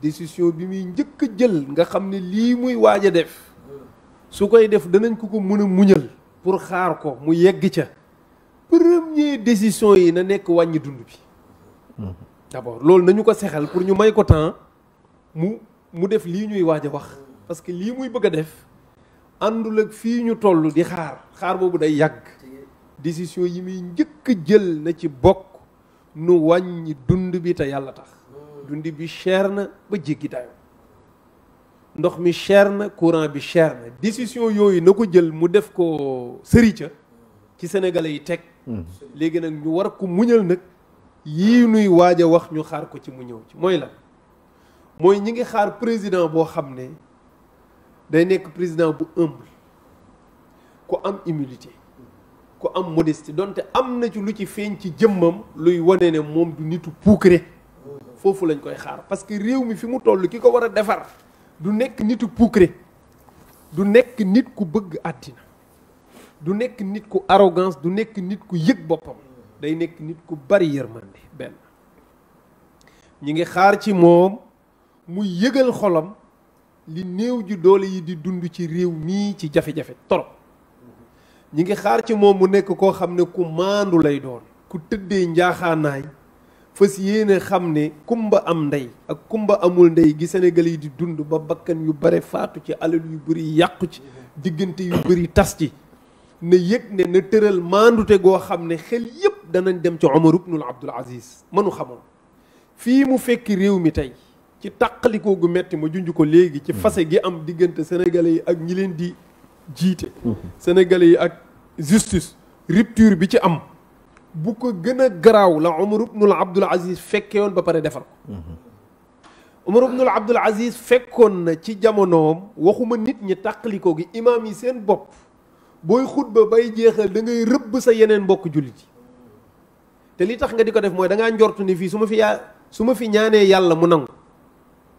décision bi muy njëkk a jël nga xam ne lii muy waaj a def su koy def danañ ko ko mën a muñal pour xaar ko mu yegg ca première décision yi na nekk wàññi dund bi mhm. d'abord loolu nañu ko sexal pour ñu may ko temps mu mu def lii ñuy waaj a wax parce que lii muy bëgg a def àndul ak fii ñu toll di xaar xaar boobu day yàgg décision yi muy njëkk jël na ci bokk nu wàññi dund bi te yàlla tax dundi bi cher na ba jéggi ndox mi cher na courant bi cher na décision yooyu na ko jël mu def ko sëri ca ci sénégalais yi teg hmm. léegi nag ñu war a ko muñal nag yi nuy waaj a wax ñu xaar ko ci mu ñëw ci mooy la mooy ñi ngi xaar président boo xam ne day nekk président bu humble ku am humilité ku am modestie donte am na ci lu ci feeñ ci jëmmam luy wane ne moom du nitu puukare foofu lañ koy xaar parce que réew mi fi mu toll ki ko war a defar du nekk nitu puukre du nekk nit ku bëgg àddina du nekk nit ku arrogance du nekk nit ku yëg boppam day nekk nit ku bari yërmande benn ñi ngi xaar ci moom mu yëgal xolam li néew ji doole yi di dund ci réew mii ci jafe ñi ngi xaar ci moom mu nekk koo xam ne ku maandu lay doon ku tëddee njaaxaanaay fas yéene xam ne kumba am ndey ak kumba amul ndey gi Sénégal yi di dund ba bakkan yu bare faatu ci alal yu bëri yàqu ci diggante yu bëri tas ci na yëg ne na tëral maandute goo xam ne xel yëpp danañ dem ci Omar ibnul Abdul Aziz manu xamoon fii mu fekk réew mi tey ci tàqalikoo gu metti ma junj ko léegi ci fase gi am diggante sénégalais yi ak ñi leen di jiite mm-hmm. sénégalais yi ak justice rupture bi ci am bu ko gëna graw la Umar ibnul Abdul Aziz fekke won ba pare defar ko Umar ibnul Abdul Aziz fekkon na ci jamono waxuma nit ñi takliko gi imam yi seen bop boy khutba bay jexal da ngay reub sa yenen bok jullit te li tax nga diko def moy da nga ndortu ni fi suma fi ya suma fi ñaané yalla mu nang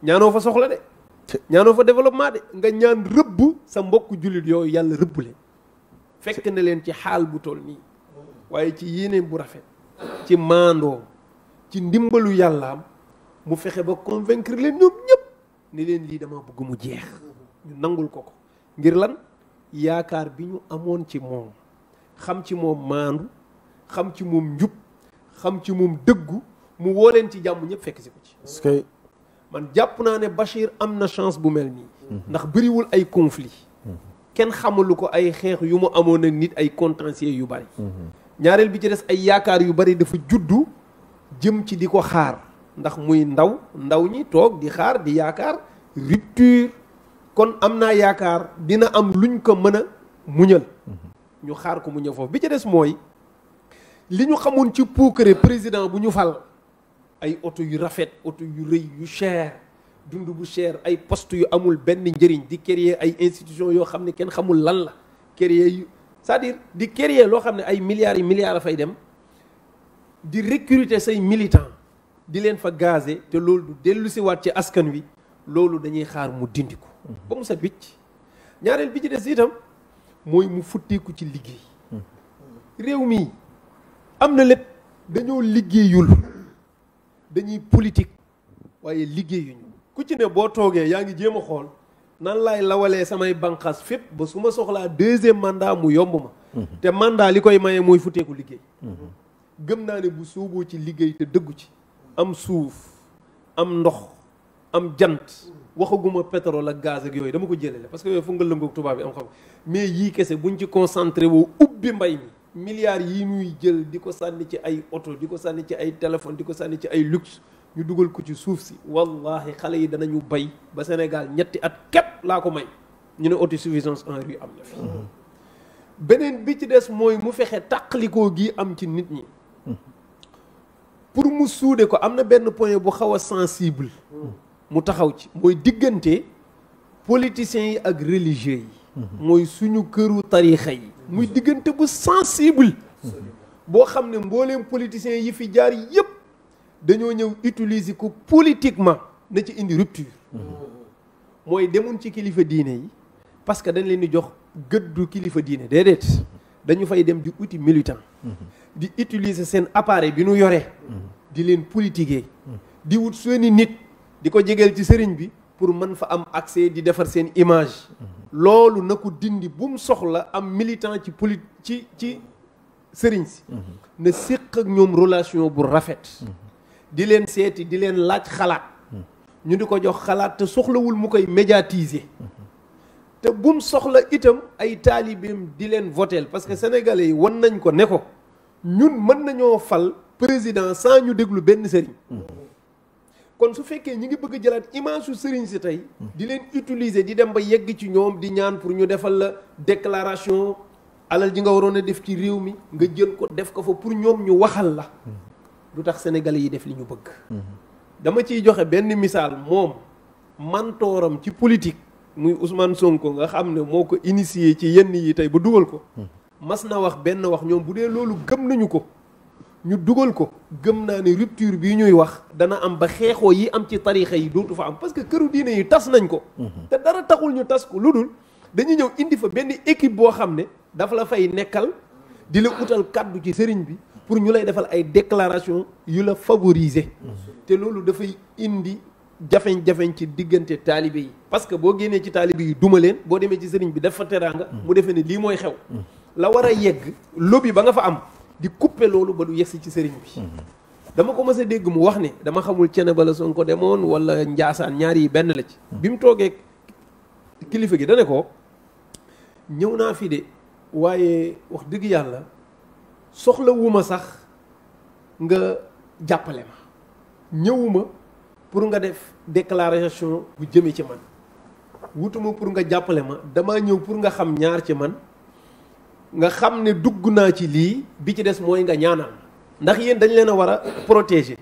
ñaano fa soxla de ñaano fa développement de nga ñaan reub sa mbok julit yalla reubule na len ci hal bu toll ni waaye ci yéene bu rafet ci maandoo ci ndimbalu yàllaam mu fexe ba convaincre leen ñoom ñëpp ni leen lii dama bëgg mu jeex ñu nangul ko ko ngir lan yaakaar bi ñu amoon ci moom xam ci moom maandu xam ci moom njub xam ci moom dëggu mu woo leen ci jàmm ñëpp fekk si ko ci man jàpp naa ne Bachir am na chance bu mel nii mhm. ndax bëriwul ay conflit mhm. kenn xamalu ko ay xeex yu mu amoon ak nit ay contentieux yu bari mhm. ñaareel bi ci des ay yaakaar yu bari dafa juddu jëm ci di ko xaar ndax muy ndaw ndaw ñi toog di xaar di yaakaar rupture kon am naa yaakaar dina am luñ ko mën a muñal ñu xaar ko muñal foofu bi ci des mooy li ñu xamoon ci puukare président bu ñu fal ay oto yu rafet oto yu rëy yu cher dund bu cher ay poste yu amul benn njëriñ di créer ay institution yoo xam ne kenn xamul lan la créer yu c'est-à-dire di créer loo xam ne ay milliards yi milliards a fay dem di recruter say militants di leen fa gazé te loolu du dellu waat ci askan wi loolu dañuy xaar mu dindi ko ba mu set wicc ñaareel bi ci des itam mooy mu futteeku ci liggéey réew mi am na lépp dañoo liggéeyul dañuy politique waaye liggéeyuñu ku ci ne boo toogee yaa ngi jéem a xool nan laay lawalee samay banqaas fépp ba su ma soxlaa deuxième mandat mu yomb ma mhm. te mandat li koy maye mooy futeeku liggéey mhm. gëm naa ne bu suuboo ci liggéey te dëggu ci am suuf am ndox am jant waxaguma pétrole ak gaz ak yooyu dama ko jëlele parce que yooyu fu nga lëngoog tubaab bi am xam mais yii kese buñ ci concentré woo ubbi mbay mi milliards yi muy jël di ko sànni ci ay oto di ko sànni ci ay téléphone di ko sànni ci ay luxe ñu dugal ko ci suuf si wallahi xale yi danañu bay ba Sénégal ñetti at képp laa ko may ñu ne suffisance en riz am na fi beneen bi ci des mooy mu fexe tàqalikoo gi am ci nit ñi pour mu suude ko am na benn point bu xaw a sensible mu taxaw ci mooy diggante politiciens yi ak religieux yi mooy suñu këru tarixa yi muy diggante bu sensible boo xam ne mbooleem politiciens yi fi jaar yépp dañoo ñëw utiliser ko politiquement na ci indi rupture mooy demun ci kilifa diine yi parce que dañ leen di jox gëddu kilifa diine déedéet dañu fay dem di uti militant di utiliser seen appareil bi nu yore di leen politiquer di wut seeni nit di ko jegeel ci sëriñ bi pour mën fa am accès di defar seen image loolu na ko dindi bu soxla am militant ci polit ci ci sëriñ si mhm. na séq ak ñoom relation bu rafet mhm. di leen seeti di leen laaj xalaat ñu di ko jox xalaat te soxlawul mu koy médiatiser te bum soxla itam ay taalibeem di leen voteel parce que sénégalais yi wan nañ ko ne ko ñun mën nañoo fal président sans ñu déglu benn sëriñ kon su fekkee ñi ngi bëgg a jëlaat image su sëriñ si tey di leen utiliser di dem ba yegg ci ñoom di ñaan pour ñu defal la déclaration alal ji nga waroon a def ci réew mi nga jël ko def ko fa pour ñoom ñu waxal la lu tax sénégalais yi def li ñu bëgg. Mhm. dama ciy joxe benn misaal moom mantooram ci politique muy Ousmane Sonko nga xam ne moo ko initié ci yenn yi tey ba dugal ko. Mhm. mas na wax benn wax ñoom bu dee loolu gëm nañu ko ñu dugal ko gëm naa ne rupture bii ñuy wax dana am ba xeexoo yi am ci tarixa yi dootu fa am parce que këru diine yi tas nañ ko. Mhm. te dara taxul ñu tas ko lu dul dañu ñëw indi fa benn équipe boo xam ne dafa la fay nekkal di la utal kàddu ci sëriñ bi. pour ñu lay defal ay déclaration yu la favoriser te loolu dafay indi jafeñ-jafeñ ci digënté talibé parce que bo génné ci talibé yi duma leen bo démé ci sëriñ bi dafa téranga mu défé ne li moy xew la wara yegg lobby ba nga fa am di couper lolu ba du yess ci sëriñ bi dama ko mës dégg mu wax ne dama xamul cene bala ko démon wala njaasaan ñaari yi benn la ci bi mu toogee kilifa gi dané ko ñëw na fi dé wayé wax dëgg yalla soxlawuma sax nga jàppale ma ñëwuma pour nga def déclaration bu jëmee ci man wutuma pour nga jàppale ma damaa ñëw pour nga xam ñaar ci man nga xam ne dugg naa ci lii bi ci des mooy nga ñaanal ndax yéen dañ leen a war a protéger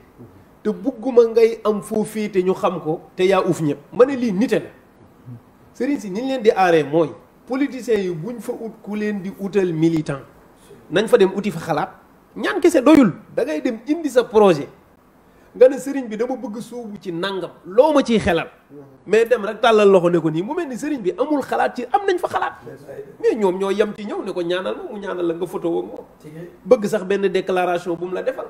te bugguma ngay am foo féete ñu xam ko te yaa uuf ñëpp ma ne lii nite la sëriñ si ñi leen di aaree mooy politiciens yi buñ fa ut ku leen di utal militant nañ fa dem uti fa xalaat ñaan kese doyul da ngay dem indi sa projet nga ne sëriñ bi dama bëgg suubu ci nangam loo ma ciy xelal mais dem rek tàllal loxo ne ko nii mu mel ni sëriñ bi amul xalaat ci am nañ fa xalaat mais ñoom ñoo yem ci ñëw ne ko ñaanal ma mu ñaanal la nga photo ak moom bëgg sax benn déclaration bu mu la defal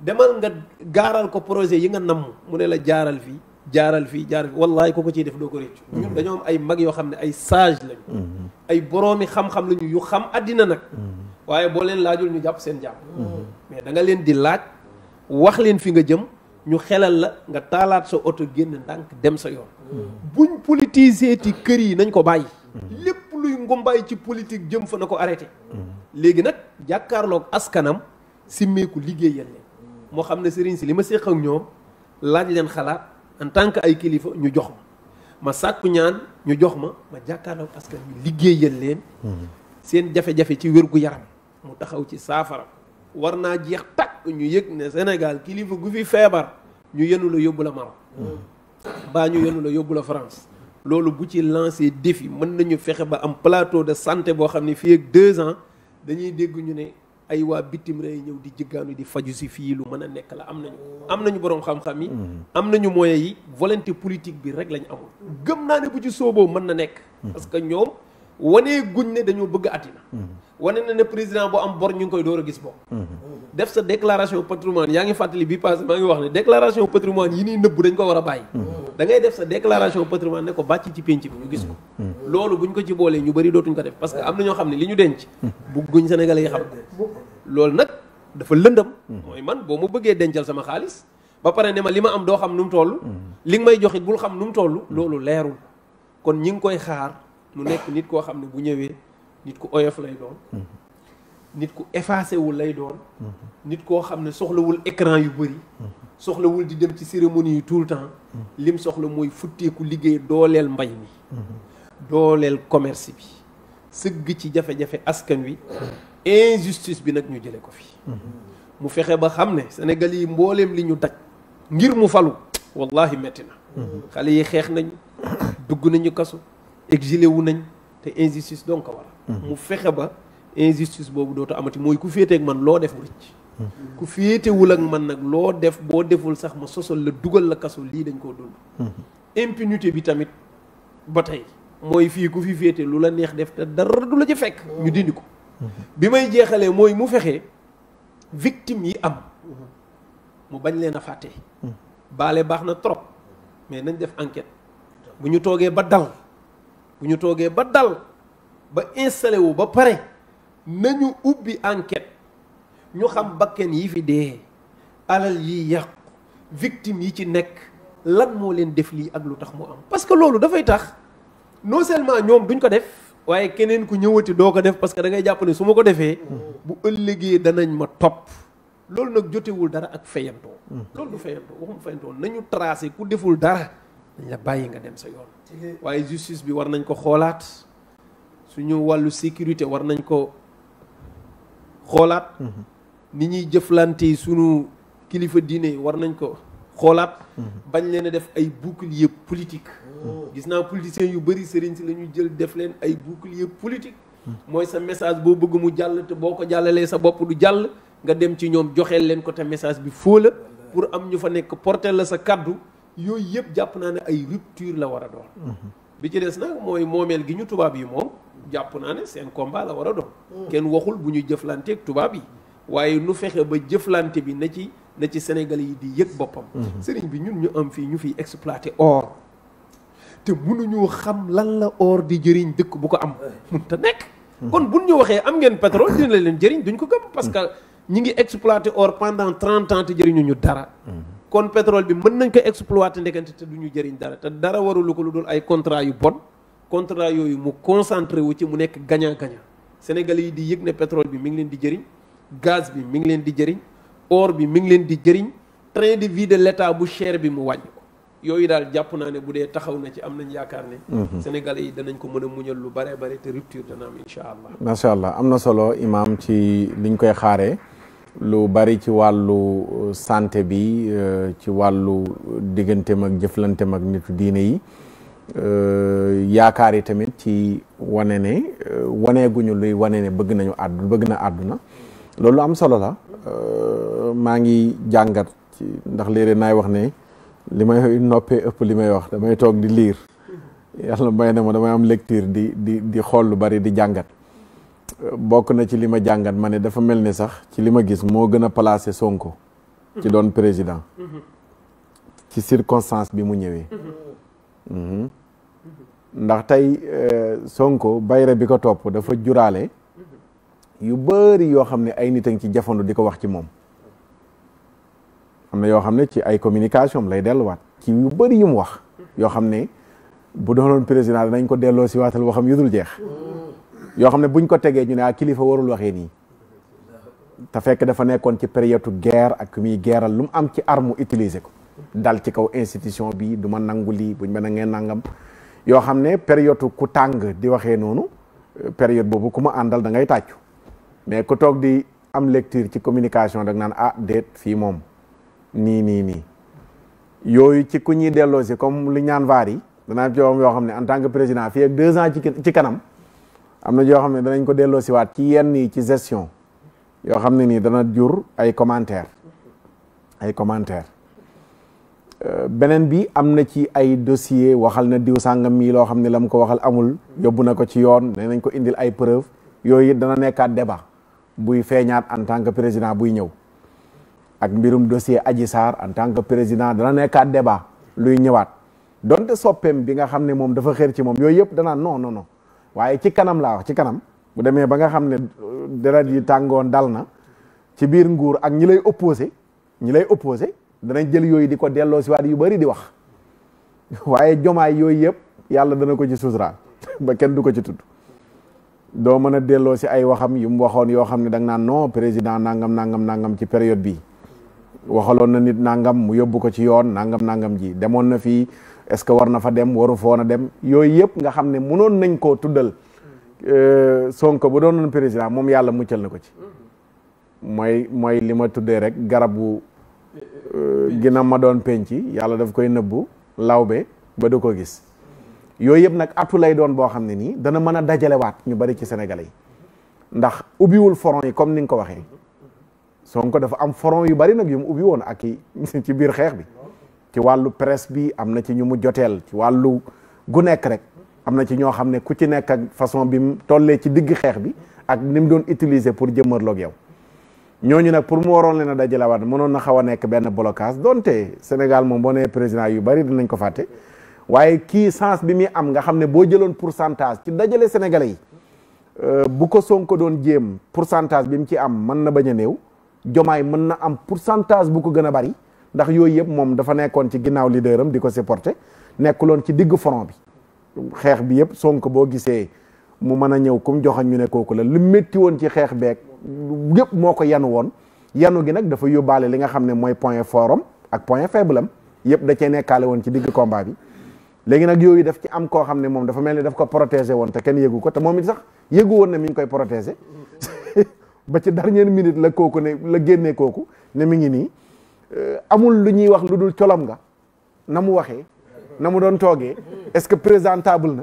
demal nga gaaral ko projet yi nga namm mu ne la jaaral fii jaaral fii jaar fii wallahi ko ko ciy def doo ko réccu mm-hmm. ñun dañoo ay mag yoo xam ne ay sage lañu mm-hmm. ay boroomi xam yu xam àddina nag mm-hmm. waaye boo leen laajul ñu jàpp seen jàpp mais da nga leen di laaj wax leen fi nga jëm ñu xelal la nga taalaat sa oto génn ndànk dem sa yoon buñ politisé ti kër yi nañ ko bàyyi lépp luy ngombaay ci politique jëm fa na ko arrêté léegi nag jàkkaarlook askanam simmeeku liggéeyal leen moo xam ne sëriñ si li ma séq ak ñoom laaj leen xalaat en tant que ay kilifa ñu jox ma ma sàkku ñaan ñu jox ma ma jàkkaarloog askan wi liggéeyal leen hmm. seen jafe-jafe ci wér gu yaram mu taxaw ci saafara war naa jeex takk ñu yëg ne Sénégal kilifa gu fi feebar ñu yenu la yóbbu la Maroc baa ñu yenu la yóbbu la France loolu bu ci lancé défi mën nañu fexe ba am plateau de santé boo xam ne fii ak deux ans dañuy dégg ñu ne ay waa bitim réew ñëw di jëggaanu di faju si fii lu mën a nekk la am nañu am nañu boroom xam-xam yi mm-hmm. am nañu moyens yi volonté politique bi rek lañ amul gëm naa ne bu ci sooboo mën na nekk mm-hmm. parce que ñoom wane guñ ne dañoo bëgg àddina mm-hmm. wane na ne président boo am bor ñu ngi koy door a gis bokk mm-hmm. def sa déclaration patrimoine yaa ngi fàttali bi passé maa ngi wax ne déclaration patrimoine yi nii nëbb dañ ko war a bàyyi mm-hmm. da ngay def sa déclaration patrimoine ne ko bàcc ci pénc bi ñu gis ko loolu buñ ko ci boolee ñu bëri dootuñ ko def parce que am na ñoo xam ne li ñu denc bëgguñ Sénégalais yi xam loolu nag dafa lëndam mooy man boo ma bëggee dencal sama xaalis ba pare ne ma li ma am doo xam nu mu toll li may joxit bul xam nu mu toll loolu leerul kon ñi ngi koy xaar mu nekk nit koo xam ne bu ñëwee nit ku oyof lay doon nit ku effacé wul lay doon nit koo xam ne soxlawul écran yu bëri soxlawul di dem ci cérémonie tout le temps lim soxla mooy futteeku liggéey dooleel mbay commerce bi sëgg ci jafe-jafe askan wi injustice bi ñu ne Sénégal yi li ñu daj ngir mu falu wallahi na yi exilé wu nañ te injustice donc ko war mhm. mu fexé ba injustice bobu doto amati moy ku fété mhm. ak man lo def mu rëcc ku wul ak man nak lo def bo deful sax ma sosol le dugal la kasso li dañ ko dund mhm. impunité bi tamit batay moy fi ku fi fété lu la neex def té dara du la ci fekk ñu dindi ko bi may jeexalee mooy mu fexé victime yi am mu bañ leen faté balé baxna trop mais nañ def enquête bu ñu toogee ba dal bu ñu toogee ba dal ba installé wu ba pare nañu ubbi enquête ñu xam bakken yi fi dee alal yi yàqu victime yi ci nekk lan moo leen def lii ak lu tax mu am parce que loolu dafay tax noo seulement ñoom duñ ko def waaye keneen ku ñëwati doo ko def parce que da ngay jàpp ne su ma ko defee bu ëllëgee danañ ma topp loolu nag jotewul dara ak fayantoo hmm. loolu du fayantoo waxum fayantoo nañu tracé ku deful dara dañ la bàyyi nga dem sa yoon waaye justice bi war nañ ko xoolaat suñu wàllu sécurité war nañ ko xoolaat mhm. ni ñuy jëflante sunu kilifa diine war nañ ko xoolaat mhm. bañ leen a def ay bouclier politique oh. gis naa politiciens yu bëri sëriñ si la ñu jël def leen ay bouclier politique hmm. mooy sa message boo bëgg mu jàll te boo ko jàllalee sa bopp du jàll nga dem ci ñoom joxeel leen ko te message bi foo pour am ñu fa nekk porter la sa kàddu yooyu yëpp jàpp naa ne ay rupture la war a doon bi ci des nag mooy moomeel gi ñu tubaab yi moom jàpp naa ne seen combat la war doon kenn waxul bu ñu jëflanteek tubaab yi waaye nu fexe ba jëflante bi na ci na ci Sénégal yi di yëg boppam mhm. sëriñ bi ñun ñu am fii ñu fi exploité or te mënuñoo xam lan la or di jëriñ dëkk bu ko am mun te nekk mhm. kon buñ ñu waxee am ngeen pétrole dina leen jëriñ duñ ko gëm parce mhm. que ñi ngi exploité or pendant trente ans te jëriñu ñu dara kon pétrole bi mën nañ ko exploiter ndekante te du ñu jëriñ dara te dara warulu ko lu dul ay contrat yu bon contrat yooyu mu concentré wu ci mu nekk gagnant gagnant sénégal yi di yëg ne pétrole bi mi ngi leen di jëriñ gaz bi mi ngi leen di jëriñ or bi mi ngi leen di jëriñ train de vie de l'état bu cher bi mu wañ yooyu daal jàpp naa ne bu dee taxaw na ci am nañ yaakaar ne. Mhm. sénégal yi danañ ko mën a muñal lu bare bare te rupture dana am allah. macha allah am na solo imam ci liñ koy xaaree. lu bari ci wàllu uh, santé bi uh, ci wàllu diggante mag jëflante mag nit diine yi uh, yaakaar yi tamit ci wane ne waneeguñu luy wane ne bëgg nañu àddu bëgg na àdduna loolu am solo la maa ngi jàngat ci ndax léeg-léeg wax ne li may noppee ëpp li may wax damay toog di liir yàlla may ne ma damay am lecture di di di xool lu bari di jàngat bokk na ci li ma jàngat ma ne dafa mel ne sax ci li ma gis moo gën a placé Sonko ci mhm. doon président mhm. ci circonstance bi mu ñëwee mhm. ndax tey euh, Sonko bayre bi ko topp dafa juraale yu bari yoo xam ne ay nit a ngi ci jafandu di ko wax ci moom am na yoo xam ne ci ay communication lay delluwaat ci yu bari yu mu wax yoo xam ne bu doonoon président dinañ ko delloo si waatal waxam yu dul jeex yoo xam ne buñ ko tegee ñu ne ah kilifa warul waxee nii te fekk dafa nekkoon ci période guerre ak muy guerral lu mu am ci arme utiliser ko dal ci kaw institution bi du ma nangu lii buñ mën a ngeen nangam yoo xam ne période ku tàng di waxee noonu période boobu ku ma àndal da ngay tàccu mais ku toog di am lecture ci communication dag naan ah déet fii moom nii nii nii yooyu ci ku ñuy delloo comme lu ñaan vaar yi danaa ci yoo xam ne en tant que président fi ak deux ans ci kanam am na yoo xam ne danañ ko delloo siwaat ci yenn yi ci gestion yoo xam ne nii dana jur ay commentaire ay commentaire euh, beneen bi am na ci ay dossier waxal na diw sàngam mii loo xam ne la mu ko waxal amul yóbbu na ko ci yoon danañ ko indil ay preuve yooyu dana nekkaat débat buy feeñaat en tant que président buy ñëw ak mbirum dossier Adji Sarr en tant que président dana nekkaat débat luy ñëwaat donte soppeem bi nga xam ne moom dafa xër ci moom yooyu yëpp danaa non non non waaye ci kanam laa wax ci kanam bu demee ba nga xam ne deret yi tàngoon dal na ci biir nguur ak ñi lay opposé ñi lay opposé danañ jël yooyu di ko delloo si waat yu bari di wax waaye jomaay yooyu yëpp yàlla dana ko ci sutural ba kenn du ko ci tudd doo mën a delloo si ay waxam yu mu waxoon yoo xam ne dang nga naan non président nangam nangam nangam ci période bii waxaloon na nit nangam mu yóbbu ko ci yoon nangam nangam ji demoon na fii est-ce que war na fa dem waru foon a dem yooyu yëpp nga xam ne mënoon nañ koo tuddal euh, Sonko bu doonoon président moom yàlla muccal na ko ci mooy mooy li ma tuddee rek garabu euh, gina ma doon penc yàlla daf koy nëbbu lawbe ba du ko gis yooyu yëpp nag atu lay doon boo xam ne nii dana mën a dajalewaat ñu bari ci Sénégalais yi ndax ubbiwul foron yi comme ni nga ko waxee Sonko dafa am foron yu bari nag yu mu ubbi woon ak i ci biir xeex bi ci wàllu presse bi am na ci ñu mu joteel ci wàllu gu nekk rek am na ci ñoo xam ne ku ci nekk ak façon bi mu tollee ci digg xeex bi ak ni mu doon utiliser pour jëmmarloog ñoo ñu nag pour mu waroon leen a dajalewaat mënoon na xaw a nekk benn blocage donte Sénégal moom boo nee président yu bari dinañ ko fàtte waaye kii sens bi muy am nga xam ne boo jëloon pour centage ci dajale sénégalais yi euh, bu ko Sonko doon jéem pour centage bi mu ci am mën na bañ a néew jomaay mën na am pourcentage bu ko gën a bari ndax yooyu yëpp moom dafa nekkoon ci ginnaaw leader am di ko supporter nekkuloon ci diggu front bi xeex bi yëpp sonk boo gisee mu mën a ñëw kum joxañ ñu ne kooku la lu métti woon ci xeex beeg yëpp moo ko yenu woon yanu gi nag dafa yóbbaale li nga xam ne mooy point fort ak point faible am yëpp da cee nekkaale woon ci digg combat bi léegi nag yooyu def ci am koo xam ne moom dafa mel ni daf ko protéger woon te kenn yëgu ko te moom it sax yëgu woon ne mi ngi koy protéger ba ci dernière minute la kooku ne la génnee kooku ne mi ngi nii Euh, amul lu ñuy wax lu dul colom nga na mu waxee na mu doon toogee est-ce que présentable na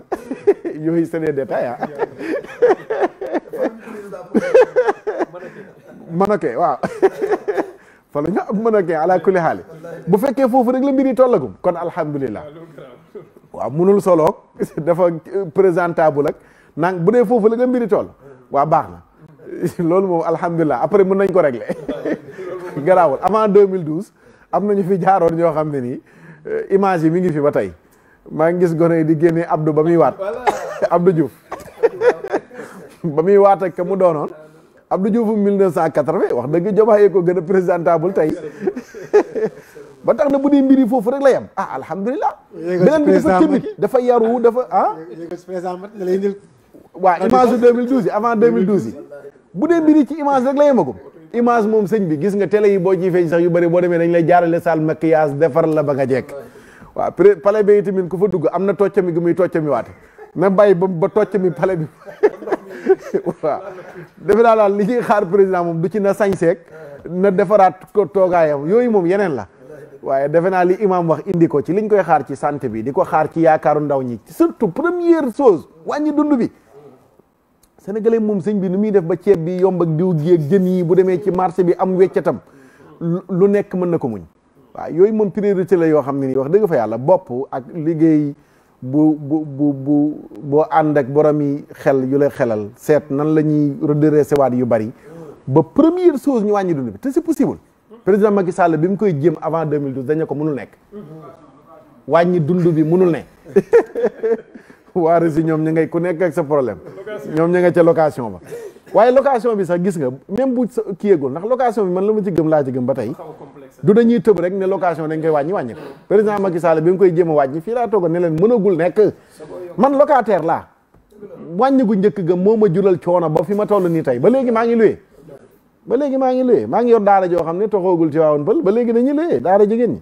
yooyu c'est des détails ah mën waaw fa mën a kee ala kulli bu fekkee foofu rek la mbir yi tollagum kon alhamdulilah waaw munul soloog dafa euh, présentable ak nang bu dee foofu la nga mbiri toll waa baax na loolu moom alhamdulilah après mën nañ ko régler garaawul avant 2012 am na nañu fi jaaroon ñoo xam ne nii euh, image yi mi ngi fi ba tey maa ngi gis gone yi di génne Abdou ba muy waat Abdou Diouf ba muy waat ak ka mu doonoon Abdou Diouf 1980 wax dëgg Diomaye ko gën a présentable tey ba tax na bu dee mbiri foofu rek la yem ah alhamdulilah. beneen bi dafa timide dafa yaru dafa ah. waa image 2012 yi avant 2012 yi bu dee mbiri ci image rek la yemagum. image moom sëñ bi gis nga télé yi boo jiifee sax yu bëri boo demee dañ lay jaarale salle maquillage defar la ba nga jekk waaw pare palais bi tamit ku fa dugg am na toccami gu muy toccami waate na bàyyi ba ba toccami palais bi waaw defe naa daal li ñuy xaar président moom du ci na sañseek na defaraat ko toogaayam yooyu moom yeneen la waaye defe naa li imam wax indi ko ci liñ koy xaar ci santé bi di ko xaar ci yaakaaru ndaw ñi surtout première chose wàññi dund bi sénégalais moom sëñ bi ni muy def ba ceeb bi yomb ak diw gi ak yi bu demee ci marché bi am weccatam lu nekk mën na ko muñ waaw yooyu moom priorité la yoo xam ne nii wax dëgg fa yàlla bopp ak liggéey bu bu bu boo ànd ak borom yi xel yu lay xelal seet nan la ñuy redresser waat yu bari ba première chose ñu wàññi dund bi te c'est possible président Macky Sall bi mu koy jéem avant 2012 dañu ko mënul nekk wàññi dund bi mënul ne waa Russie ñoom ñu ngay ku nekk ak sa problème ñoom ñu nga ca location ba waaye location bi sax gis nga même bu kii yegul ndax location bi man la ma ci gëm laa ci gëm ba tey du dañuy tëb rek ne location dañ koy wàññi wàññi ko président Macky Sall bi nga koy jéem a wàññi fii laa toogoon ne leen nekk man locataire laa wàññi gu njëkk ga moo ma jural coono ba fi ma toll nii tey ba léegi maa ngi luye ba léegi maa ngi luye maa ngi yor daara joo xam ne gul ci waawoon pël ba léegi dañuy luye daara jigéen ñi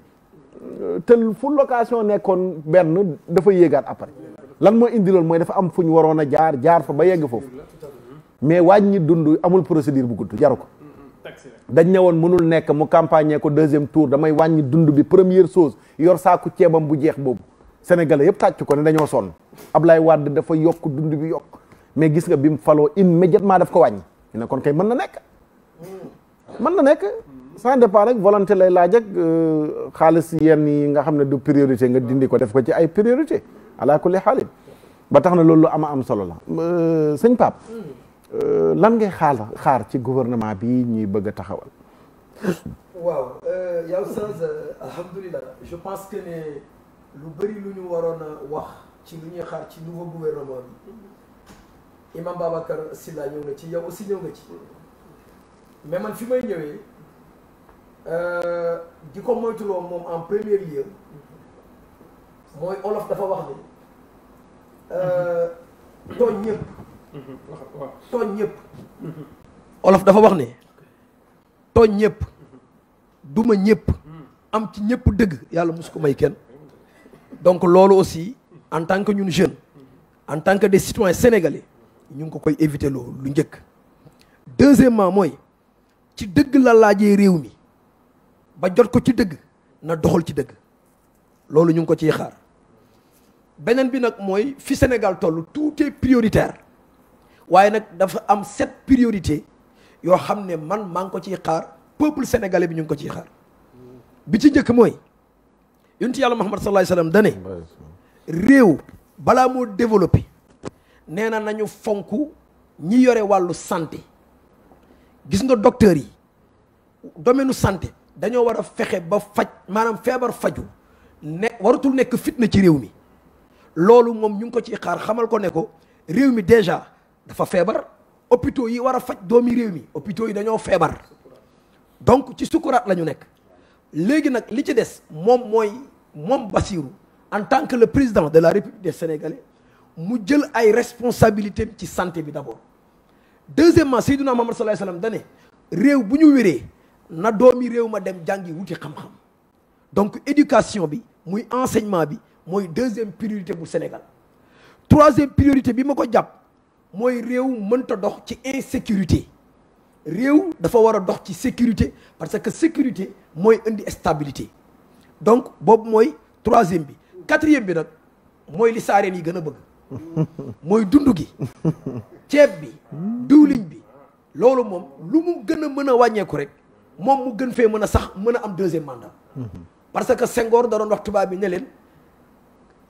te fu location nekkoon benn dafa yéegaat après lan moo indi mooy dafa am fu ñu waroon a jaar jaar fa ba yegg foofu mais wàññi dund amul procédure bu gudd jaru ko dañ ne woon mënul nekk mu campagne ko deuxième tour damay wàññi dund bi première chose yor saaku ceebam bu jeex boobu sénégalais yëpp tàcc ko ne dañoo sonn Ablaye Wade dafa yokk dund bi yokk mais gis nga bi mu faloo immédiatement def ko wàññi ne kon kay mën na nekk mën na nekk sans départ rek volonté lay laaj ak euh, xaalis yenn yi nga xam ne du priorité nga dindi ko def ko ci ay priorité ala kulli xaalin ba tax na loolu lu ama am solo la euh, sëñ Pape euh, lan ngay xaal xaar ci gouvernement bi ñuy bëgg a taxawal waaw euh, yow sans alhamdulilah je pense que ne lu bëri lu ñu waroon a wax ci lu ñuy xaar ci nouveau gouvernement bi imam Babacar Sylla ñëw na ci yow aussi ñëw nga ci mais man fi may ñëwee di ko moytuloo moom en premier lieu mooy olof dafa wax ne euh, mhm. tooñ ñëpp mhm. tooñ ñëpp mhm. olof dafa wax ne tooñ ñëpp duma ñëpp am ci ñëpp dëgg yàlla musu ko may kenn donc loolu aussi en tant que ñun jeune en tant que des citoyens sénégalais ñu ngi ko koy éviter loolu lu njëkk deuxièmement mooy ci dëgg la laajee réew mi ba jot ko ci dëgg na doxal ci dëgg loolu ñu ngi ko ciy xaar beneen bi nag mooy fi Sénégal tollu tout est prioritaire waaye nag dafa am set priorité yoo xam ne man maa ngi ko ciy xaar peuple sénégalais bi ñu ngi ko ciy xaar bi ci njëkk mooy yonent yàlla Muhammad sallallahu alayhi wasallam dane réew balaa moo développé nee na nañu fonk ñi yore wàllu santé gis nga docteurs yi domaine santé dañoo war a fexe ba faj maanaam feebar faju ne waratul nekk fitna ci réew mi lolou mom ñu ko ci xaar xamal ko ne ko réew mi déjà dafa feebar hôpitaux yi wara a faj doomi réew mi hôpitaux yi dañoo feebar donc ci sukuraat lañu ñu nekk léegi nag li ci des mom moy mom Bassirou en tant que le président de la République des Sénégalais mu jël ay responsabilités ci santé bi d'abord deuxièmement Seydina mohammed sallalahu alayhi wasallam dane réew bu ñu wéree na doomi réew ma dem jàngi wuti xam-xam donc éducation bi muy enseignement bi mooy deuxième priorité bu Sénégal troisième priorité bi ma ko jàpp mooy réew mënta dox ci insécurité réew dafa war a dox ci sécurité parce que sécurité mooy indi stabilité donc boobu mooy troisième bi quatrième bi nag mooy li saareen yi gën a bëgg mooy dund gi ceeb bi diwlin bi loolu moom lu mu gën a mën a wàññeeku rek moom mu gën fee mën a sax mën a am deuxième mandat mm-hmm. parce que sengoor da doon wax tubaab bi ne leen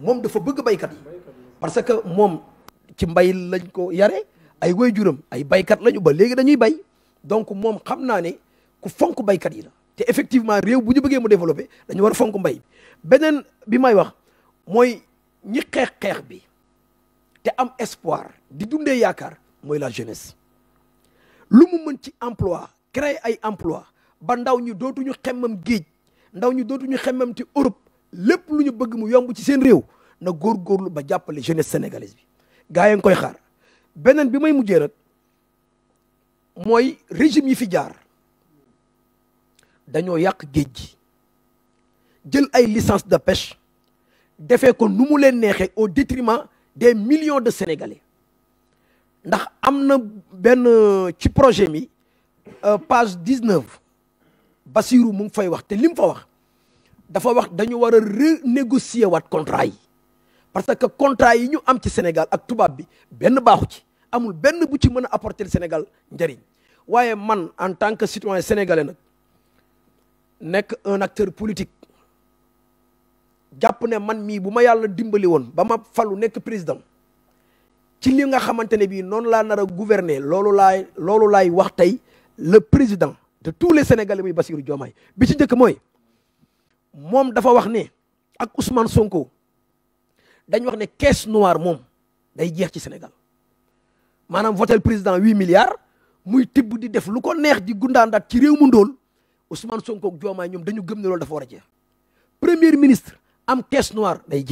moom dafa bëgg baykat yi parce que moom ci mbay lañ ko yare ay waajuram ay baykat lañu ba léegi dañuy bay donc moom xam naa ne ku fonk baykat yi la te effectivement réew bu ñu bëggee mu développé dañu war a fonk mbay beneen bi may wax mooy ñi xeex xeex bi te am espoir di dundee yaakaar mooy la jeunesse lu mu mën ci emploi créer ay emploi ba ndaw ñi dootuñu xemmam géej ndaw ñi dootuñu xemmam ci Europe lépp lu ñu bëgg mu yomb ci seen réew na góorgóorlu ba jàppale jeune sénégalaise bi gaa yi ngi koy xaar beneen bi may mujjee nag mooy régime yi fi jaar dañoo yàq géej gi jël ay licence de pêche defee ko nu mu leen neexee au détriment des millions de sénégalais ndax am na benn euh, ci projet mi euh, page 19 Bassirou mu fay wax te li mu fa wax dafa wax dañu war a renégocier waat contrat yi parce que contrat yi ñu am ci Sénégal ak tubaab bi benn baaxu ci amul benn bu ci mën a apporter Sénégal njëriñ waaye man en tant que citoyen sénégalais nag nekk un acteur politique jàpp ne man mii bu ma yàlla dimbali woon ba ma falu nekk président ci li nga xamante ne bii noonu laa nar a gouverner loolu laay loolu laay wax tey le président te tous les sénégalais muy Bassirou Diomaye bi ci njëkk mooy. moom dafa wax ne ak Ousmane Sonko dañ wax ne caisse noire moom day Sénégal maanaam votel président 8 milliards muy tibb di def lu ko neex di ci réew mu ndóol Ousmane Sonko ak Diomaye dañu gëm dafa a premier ministre am caisse noire day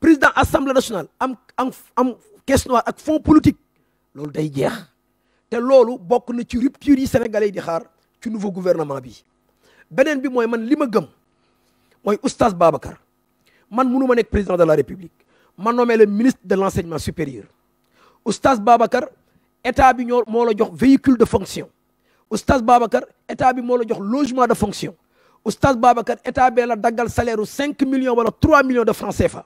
Le président assemblée nationale am am am caisse noire ak fonds politique day loolu na ci rupture yi sénégalais nouveau gouvernement bi bi man moy oustaz babakar man mënu ma le président de la république man nomé le ministre de l'enseignement supérieur oustaz Babakar, état bi ñoo moo la jox véhicule de fonction oustaz Babakar, état bi moo la jox logement de fonction oustaz babakar état bee la dagal salaire de 5 millions wala 3 millions de francs CFA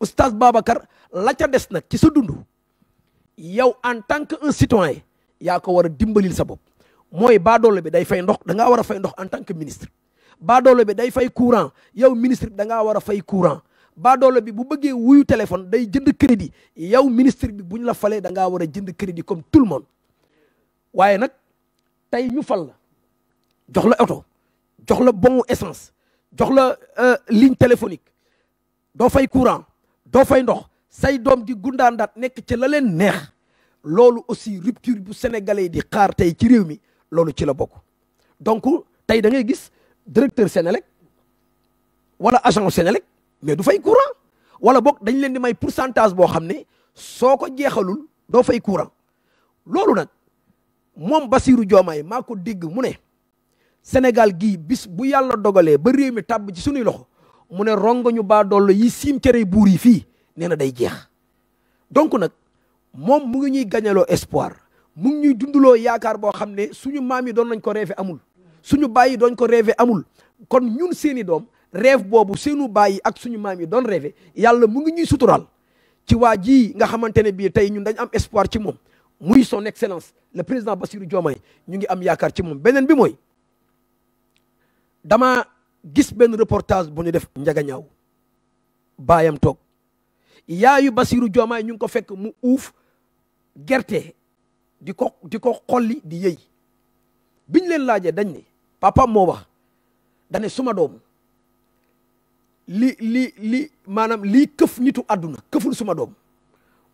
oustaz Babakar, la ca dess nak ci sa dundu yow en tant que un citoyen yaa ko war dimbalil sa moy ba dole bi day fay ndox da nga wara fay ndox en tant que ministre baadoolo bi day fay courant yow ministre da nga wara fay courant baadoolo bi bu téléphone day jënd crédit yow ministre la falé da nga wara crédit comme tout le monde wayé nak tay ñu fal la jox la jox la bon essence jox la euh, ligne téléphonique do fay courant do fay ndox say doom di gundandat nek ci la leen neex lolu aussi rupture bu sénégalais di xaar tay ci réew mi ci la bokk donc da ngay directeur Sénélec wala agent Sénélec mais du fay courant wala bokk dañ leen di may centage boo xam ne soo ko jeexalul doo fay courant loolu nag moom Bassirou Diomaye maa ko dégg mu ne Sénégal gii bis bu yàlla dogalee ba réew mi tàbb ci sunuy loxo mu ne rongo ñu baa dollo yi siim cere buur yi fii nee na day jeex donc nag moom mu ngi ñuy gañaloo espoir mu ñuy dundaloo yaakaar boo xam ne suñu maam yi doon nañ ko reefe amul suñu bayyi doñ ko rêvé amul kon ñun seeni doom rêve bobu seenu nous ak suñu maam yi doon rêvé yàlla mu ngi ñuy sutural ci waa ji nga xamantene bi tay tey ñun dañ am espoir ci moom muy son excellence le président Bassirou Diomaye ñu ngi am yaakaar ci moom beneen bi mooy dama gis benn reportage bu ñu def njaga bayam baayam toog yaayu Bassirou Diomaye ñu ngi ko fekk mu uuf gerte di ko di ko xolli di yëy biñ leen laajee dañ papam moo wax dane suma doom li li li maanaam lii këf nitu àdduna këful suma doom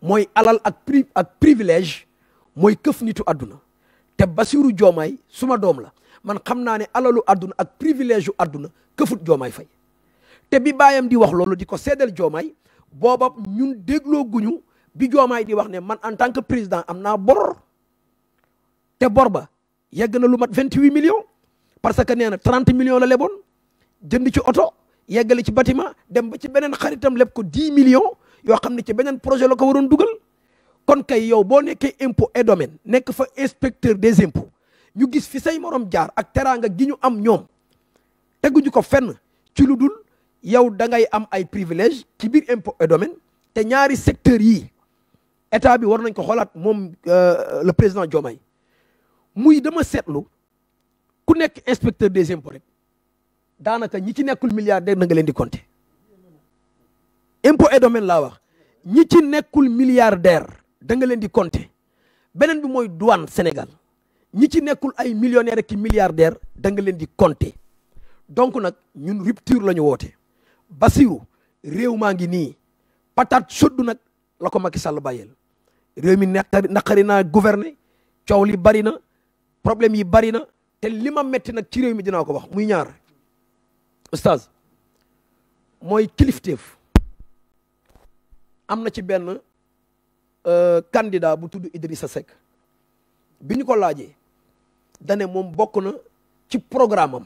mooy alal ak pri ak privilège mooy këf nitu àdduna te Basiru Joomaay suma doom la man xam naa ne alalu àdduna ak privilège yu àdduna këfut Joomaay Fay te bi baayam di wax loolu di ko seedeel Joomaay booba ñun dégloo guñu bi Joomaay di wax ne man en tant que président am naa bor te bor ba yegg na lu mat vingt-huit millions parce que nee na 30 millions la leboon jënd ci auto yeggale ci bâtiment dem ba ci benen xaritam lepp ko 10 millions yo xam ci benen projet la ko waroon duggal kon kay yow bo nekkee impôt et domaine nek fa inspecteur des impôts ñu gis fi say morom jaar ak teraanga gi ñu am ñom teguñu ko fenn ci lu dul yow da ngay am ay privilège ci biir impôt et domaine té ñaari secteur yi état bi war nañ ko xoolaat moom euh, le président Diomaye muy dama setlu ku nekk inspecteur des impôts rek daanaka ñi ci nekkul milliardaire na nga leen di compter impôt et domaine laa wax ñi ci nekkul milliardaire da nga leen di compter beneen bi mooy douane Sénégal ñi ci nekkul ay millionnaire ak i milliardaire da nga leen di compter donc nag ñun rupture la ñu woote Bassirou réew maa ngi nii patate chaude nag la ko Macky Sall bàyyeel réew mi naqari naa gouverner coow li bari na problème yi bari na te li metti nag ci réew mi dinaa ko wax muy ñaar oustaz mooy kilifteef am na ci benn kandidaa euh, bu tudd Idrissa Seck bi ñu ko laajee dane moom bokk na ci programme am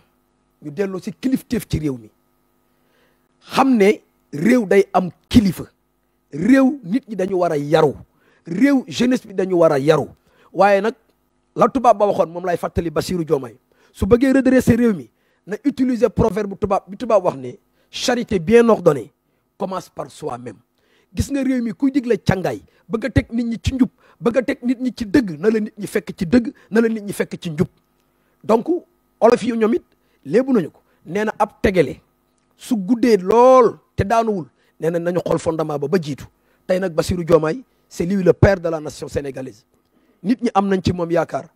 ñu delloo si kilifteef ci réew mi xam ne réew day am kilifa réew nit ñi dañu war a yaru réew jeunesse bi dañu war a yaru waaye nag la tubaab ba waxoon moom lay fàttali Bassirou Diomaye su bëggee redresser mi na utiliser proverbe bu tubaab bi tubaab wax ne charité bien ordonnée commence par soi-même gis nga mi kuy digle changai. bëgg tek nit ñi ci njub bëgg a nit ñi ci dëgg na la nit ñi fekk ci dëgg na la nit ñi fekk ci njub donc olof yi lebu nañu ko tegele su goudé lool te daanuwul nee nañu xool fondement ba ba jiitu c'est lui le père de la nation sénégalaise nit ñi am nañ ci moom yaakaar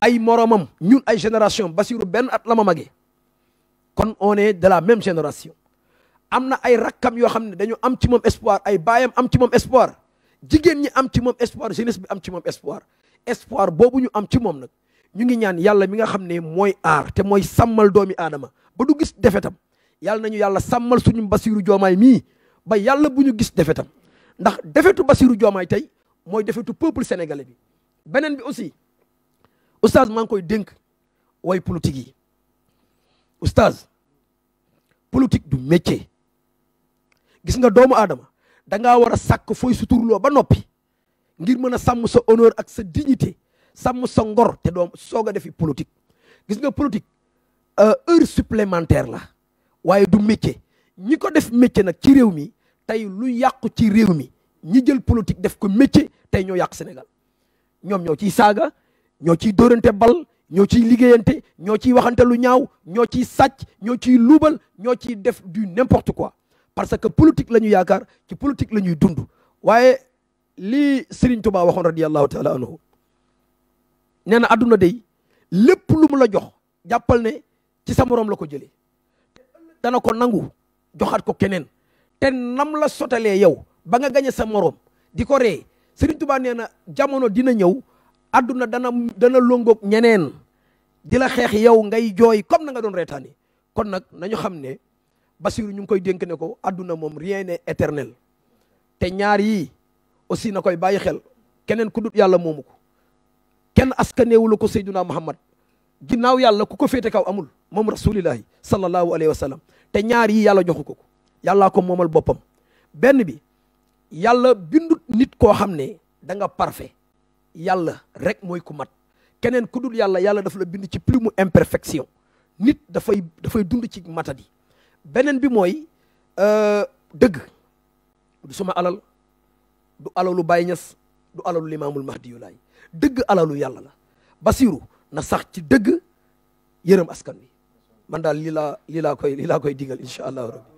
ay moromam ñun ay génération bassiru benn at la ma magee kon one de la même génération am na ay rakkam yoo xam ne dañu am ci moom espoir ay baayam am ci moom espoir jigéen ñi am ci moom espoir jeunesse bi am ci moom espoir espoir boobu ñu am ci moom nag ñu ngi ñaan yàlla mi nga xam ne mooy aar te mooy sàmmal doomi aadama ba du gis defetam yàlla nañu yàlla sàmmal suñu basiru joomaay mii ba yàlla bu ñu gis defetam ndax defetu bassiru joomaay tey mooy defetu peuple sénégalais bi beneen bi aussi oustaz maa ngi koy dénk way politique yi oustaz politique du métier gis nga doomu aadama da ngaa war a sàkk fooy suturloo ba noppi ngir mën a sàmm sa honneur ak sa dignité sàmm sa ngor te doom soog a defi politique gis nga politique euh, heure supplémentaire la waaye du métier ñi ko def métier nag ci réew mi tey lu yàqu ci réew mi ñi jël politique def ko métier tey ñoo yàq Sénégal ñoom ñoo ciy saaga ñoo ciy dóorante bal ñoo ciy liggéeyante ñoo ciy waxante lu ñaaw ñoo ciy sàcc ñoo ciy luubal ñoo ciy def du n'importe quoi parce que politique la ñu yaakaar ci politique la ñuy dund waaye lii Serigne Touba waxoon radiyallahu taala anhu nee na adduna day lépp lu la jox jàppal ne ci sa morom la ko jëlee dana ko nangu joxaat ko keneen te nam la sotalee yow ba nga gañe sa morom di ko ree Serigne Touba nee na jamono dina ñëw adduna dana dana longoog ñeneen di la xeex yow ngay jooy comme na nga doon reetaani kon nag nañu xam ne Basiru ñu ngi koy dénk ne ko adduna moom rien n'est éternel te ñaar yi aussi na koy bàyyi xel keneen ku dut yàlla moomu ko kenn askaneewula ko Seyduna Muhammad ginnaaw yàlla ku ko féete kaw amul moom rasulillahi sallallahu alayhi wa sallam te ñaar yi yàlla joxu ko ko yàllaa ko moomal boppam bi yàlla bindut nit koo xam ne da nga parfait yàlla rek mooy ku mat keneen ku dul yàlla yàlla dafa la bind ci plume imperfection nit dafay dafay dund ci matadi beneen bi mooy euh, dëgg du sama alal du alalu Baay Ñas du alalu limamul mahdi dëgg alalu yàlla la basiru na sax ci dëgg yërëm askan wi man daal lii laa lii laa koy lii laa koy digal incha allahu rabbi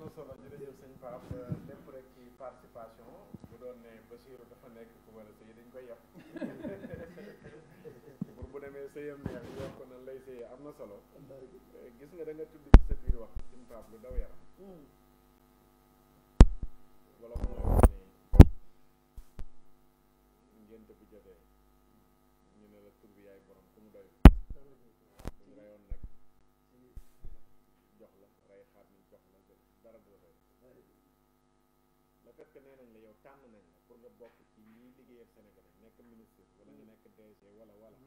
fekk nee nañ la yow tànn nañ la pour nga bokk ci ñiy liggéey ak sénégalais nekk ministre wala nga nekk DG wala wala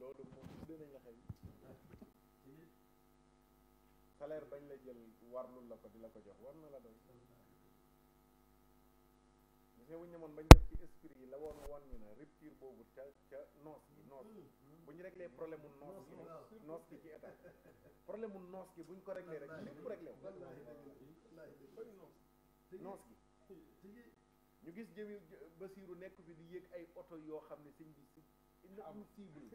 loolu moom tuddee nañ la xëy salaire bañ la jël warlu la ko di la ko jox war na la doy gisee wuñ ñamoon bañ def ci esprit yi la woon wan ñu ne rupture boobu ca ca gi bu ñu réglé problème gi gi ci état problème gi buñ ko réglé rek lépp réglé wu noos gi ñu gis jëmi Basiiru nekk fi di yéeg ay oto yoo xam ne sëñ bi si inadmissible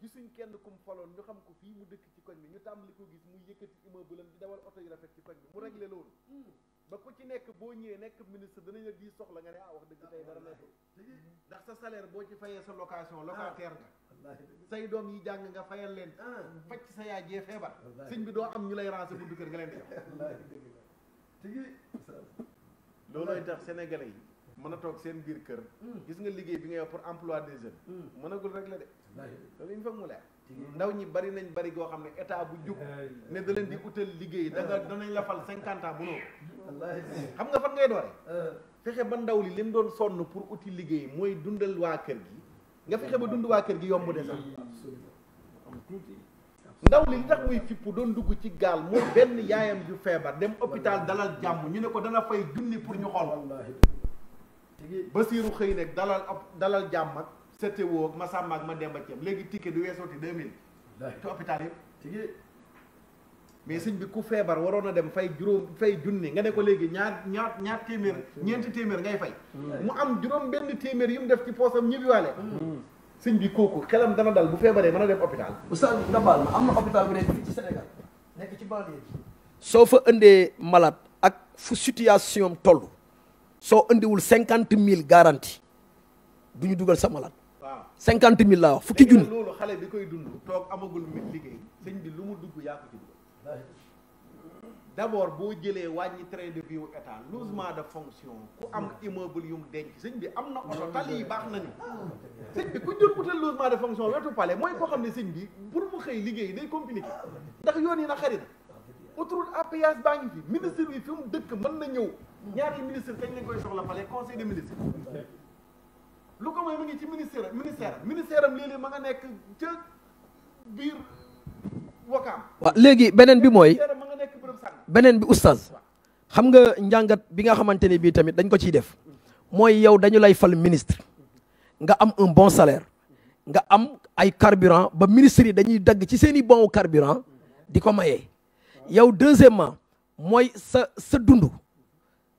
gisuñ kenn kum faloon ñu xam ko fii mu dëkk ci koñ bi ñu tàmbali ko gis mu yëkkati immeuble am di dawal oto yu rafet ci koñ bi mu réglé mm. loolu mm. ba ko ci nekk boo ñëwee nekk ministre danañ la di soxla nga ne ah wax dëgg tey dara nekk mm-hmm. ndax sa salaire boo ci fayee sa location ah. locataire nga say doom yi jàng nga fayal leen ah. faj sa yaay jee feebar sëñ bi doo am ñu lay rancé buntu kër nga loolu loolooy tax sénégale yi mën a toog seen biir kër hmm. gis nga liggéey bi nga yow pour emploi des jeunes hmm. mënagul rek la de loolu il faut mu leer ndaw ñi bari nañ bari goo xam ne état bu jub ne da leen di utal liggéey da nga hmm. danañ la fal cinquante ans bu noo xam nga fan ngay doore fexe ba ndaw li leen doon sonn pour uti liggéey mooy dundal waa kër gi nga fexe ba dund waa kër gi yomb de sax ndaw li li tax muy fippu doon dugg ci gaal moo benn yaayam ju feebar dem hôpital dalal jàmm ñu ne ko dana fay junni pour ñu xool Basiiru xëy nag dalal dalal jàmm ak CTO ak Massamba ak Mademba Thiam léegi ticket du weesooti deux mille ci hôpital yëpp mais sëñ bi ku feebar waroon a dem fay juróom fay junni nga ne ko léegi ñaar ñaar ñaar téeméer ñeenti téeméer ngay fay mu am juróom benn téeméer yu mu def ci poosam ñibbiwaale mm. sëñ bi kooku xelam dana dal bu feebaree mën a dem hôpital. oustaz nga am na ci Sénégal soo fa indee malaat ak fu situation am toll. soo indiwul cinquante mille garantie du ñu dugal sa malade. waaw cinquante mille laa wax fukki junni. loolu xale bi koy dund toog liggéey sëñ bi lu dugg yaa d' abord boo jëlee wàññi train de vie état logement de fonction ku am mm. immeuble yu mu denc sëñ bi am na oto tali yi baax nañu sëñ bi ku jël utal logement de fonction wetu palais mooy koo xam ne sëñ bi pour mu xëy liggéey day compliqué ndax yoon yi na xarit autoroute à péage baa ngi fi ministre bi fi mu dëkk mën na ñëw ñaari ministre kañ lañ koy soxla palais conseil des ministres lu ko mooy mu ngi ci ministère ministère ministère am léeg-léeg ma nga nekk ca biir wakaam waaw léegi beneen bi mooy beneen bi oustaz xam nga njàngat bi nga xamante ni bii tamit dañ ko ciy def mooy yow dañu lay fal ministre nga am un bon salaire nga am ay carburant ba ministre yi dañuy dagg ci seen i bon carburant di ko mayee yow deuxièmement mooy sa sa dund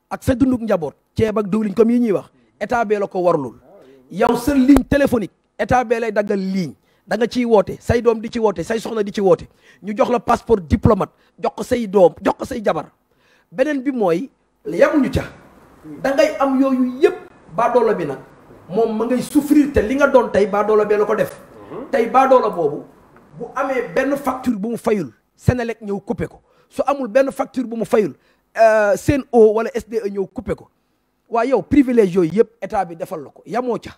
ak sa dunduk njaboot ceeb ak diwlin comme yi ñuy wax état bee la ko warlul yow sa ligne téléphonique état bee lay daggal ligne da nga ciy woote say doom di ci woote say soxna di ci woote ñu jox la passeport diplomate jox ko say doom jox ko say jabar beneen bi mooy yamuñu ca da ngay am yooyu yëpp baadoola bi nag moom ma ngay souffrir te li nga doon tey baadoola bee la ko def tey baadoola boobu bu amee benn facture bu mu fayul Senelec ñëw coupé ko su amul benn facture bu mu fayul o euh, wala SDE ñëw coupé ko waaye yow privilège yooyu yëpp état bi defal la ko yamoo ca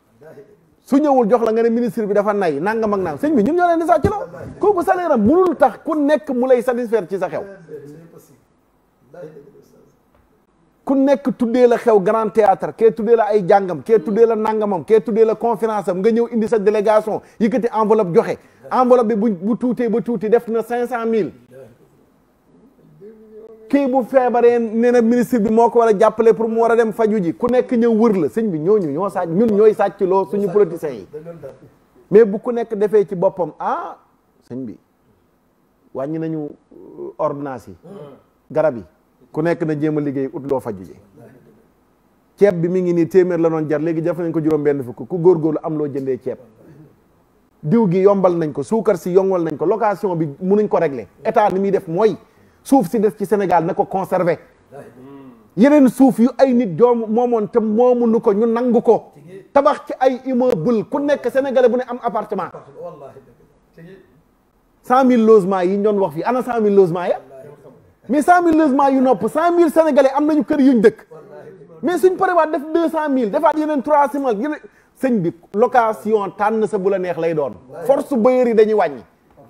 su ñëwul jox la nga ne ministre bi dafa nay nangam ak nangam sëñ bi ñun ñoo leen di sàcc la kooku salaire am lu tax ku nekk mu lay satisfaire ci sa xew ku nekk tuddee la xew grand théâtre kee tuddee la ay jàngam kee tuddee la nangamam kee tuddee la conférence am nga ñëw indi sa délégation yëkkati enveloppe joxe enveloppe bi bu bu tuutee ba tuuti def na cinq cent mille kii bu feebaree nee na ministre bi moo ko war a jàppale pour mu war a dem faju ji ku nekk ñëw wër la sëñ bi ñooñu ñoo sàcc ñun ñooy sàcc loo suñu politiciens yi mais bu ku nekk defee ci boppam ah sëñ bi wàññi nañu euh, ordonnance yi garab yi ku nekk na jéem a liggéey ut loo faju ji ceeb bi mu ngi nii téeméer la doon jar léegi def nañ ko juróom benn fukk ku góor góorgóorlu am loo jëndee ceeb diw gi yombal nañ ko suukar si yombal nañ ko location bi munuñ ko régler état ni muy def mooy souf si des ci Sénégal nako conserver yeneen souf yu ay nit doom momon te ko ñu nang ko tabax ci ay immeuble ku nek sénégalais bu ne am appartement 100 000 logements yi ñon wax fi ana cent logements ya mais cent logements yu nopp cent sénégalais am nañu kër yuñ dëkk mais suñ wa def deux cent defaat yeneen il bi location tan sa bu la neex lay doon force de dañuy wañi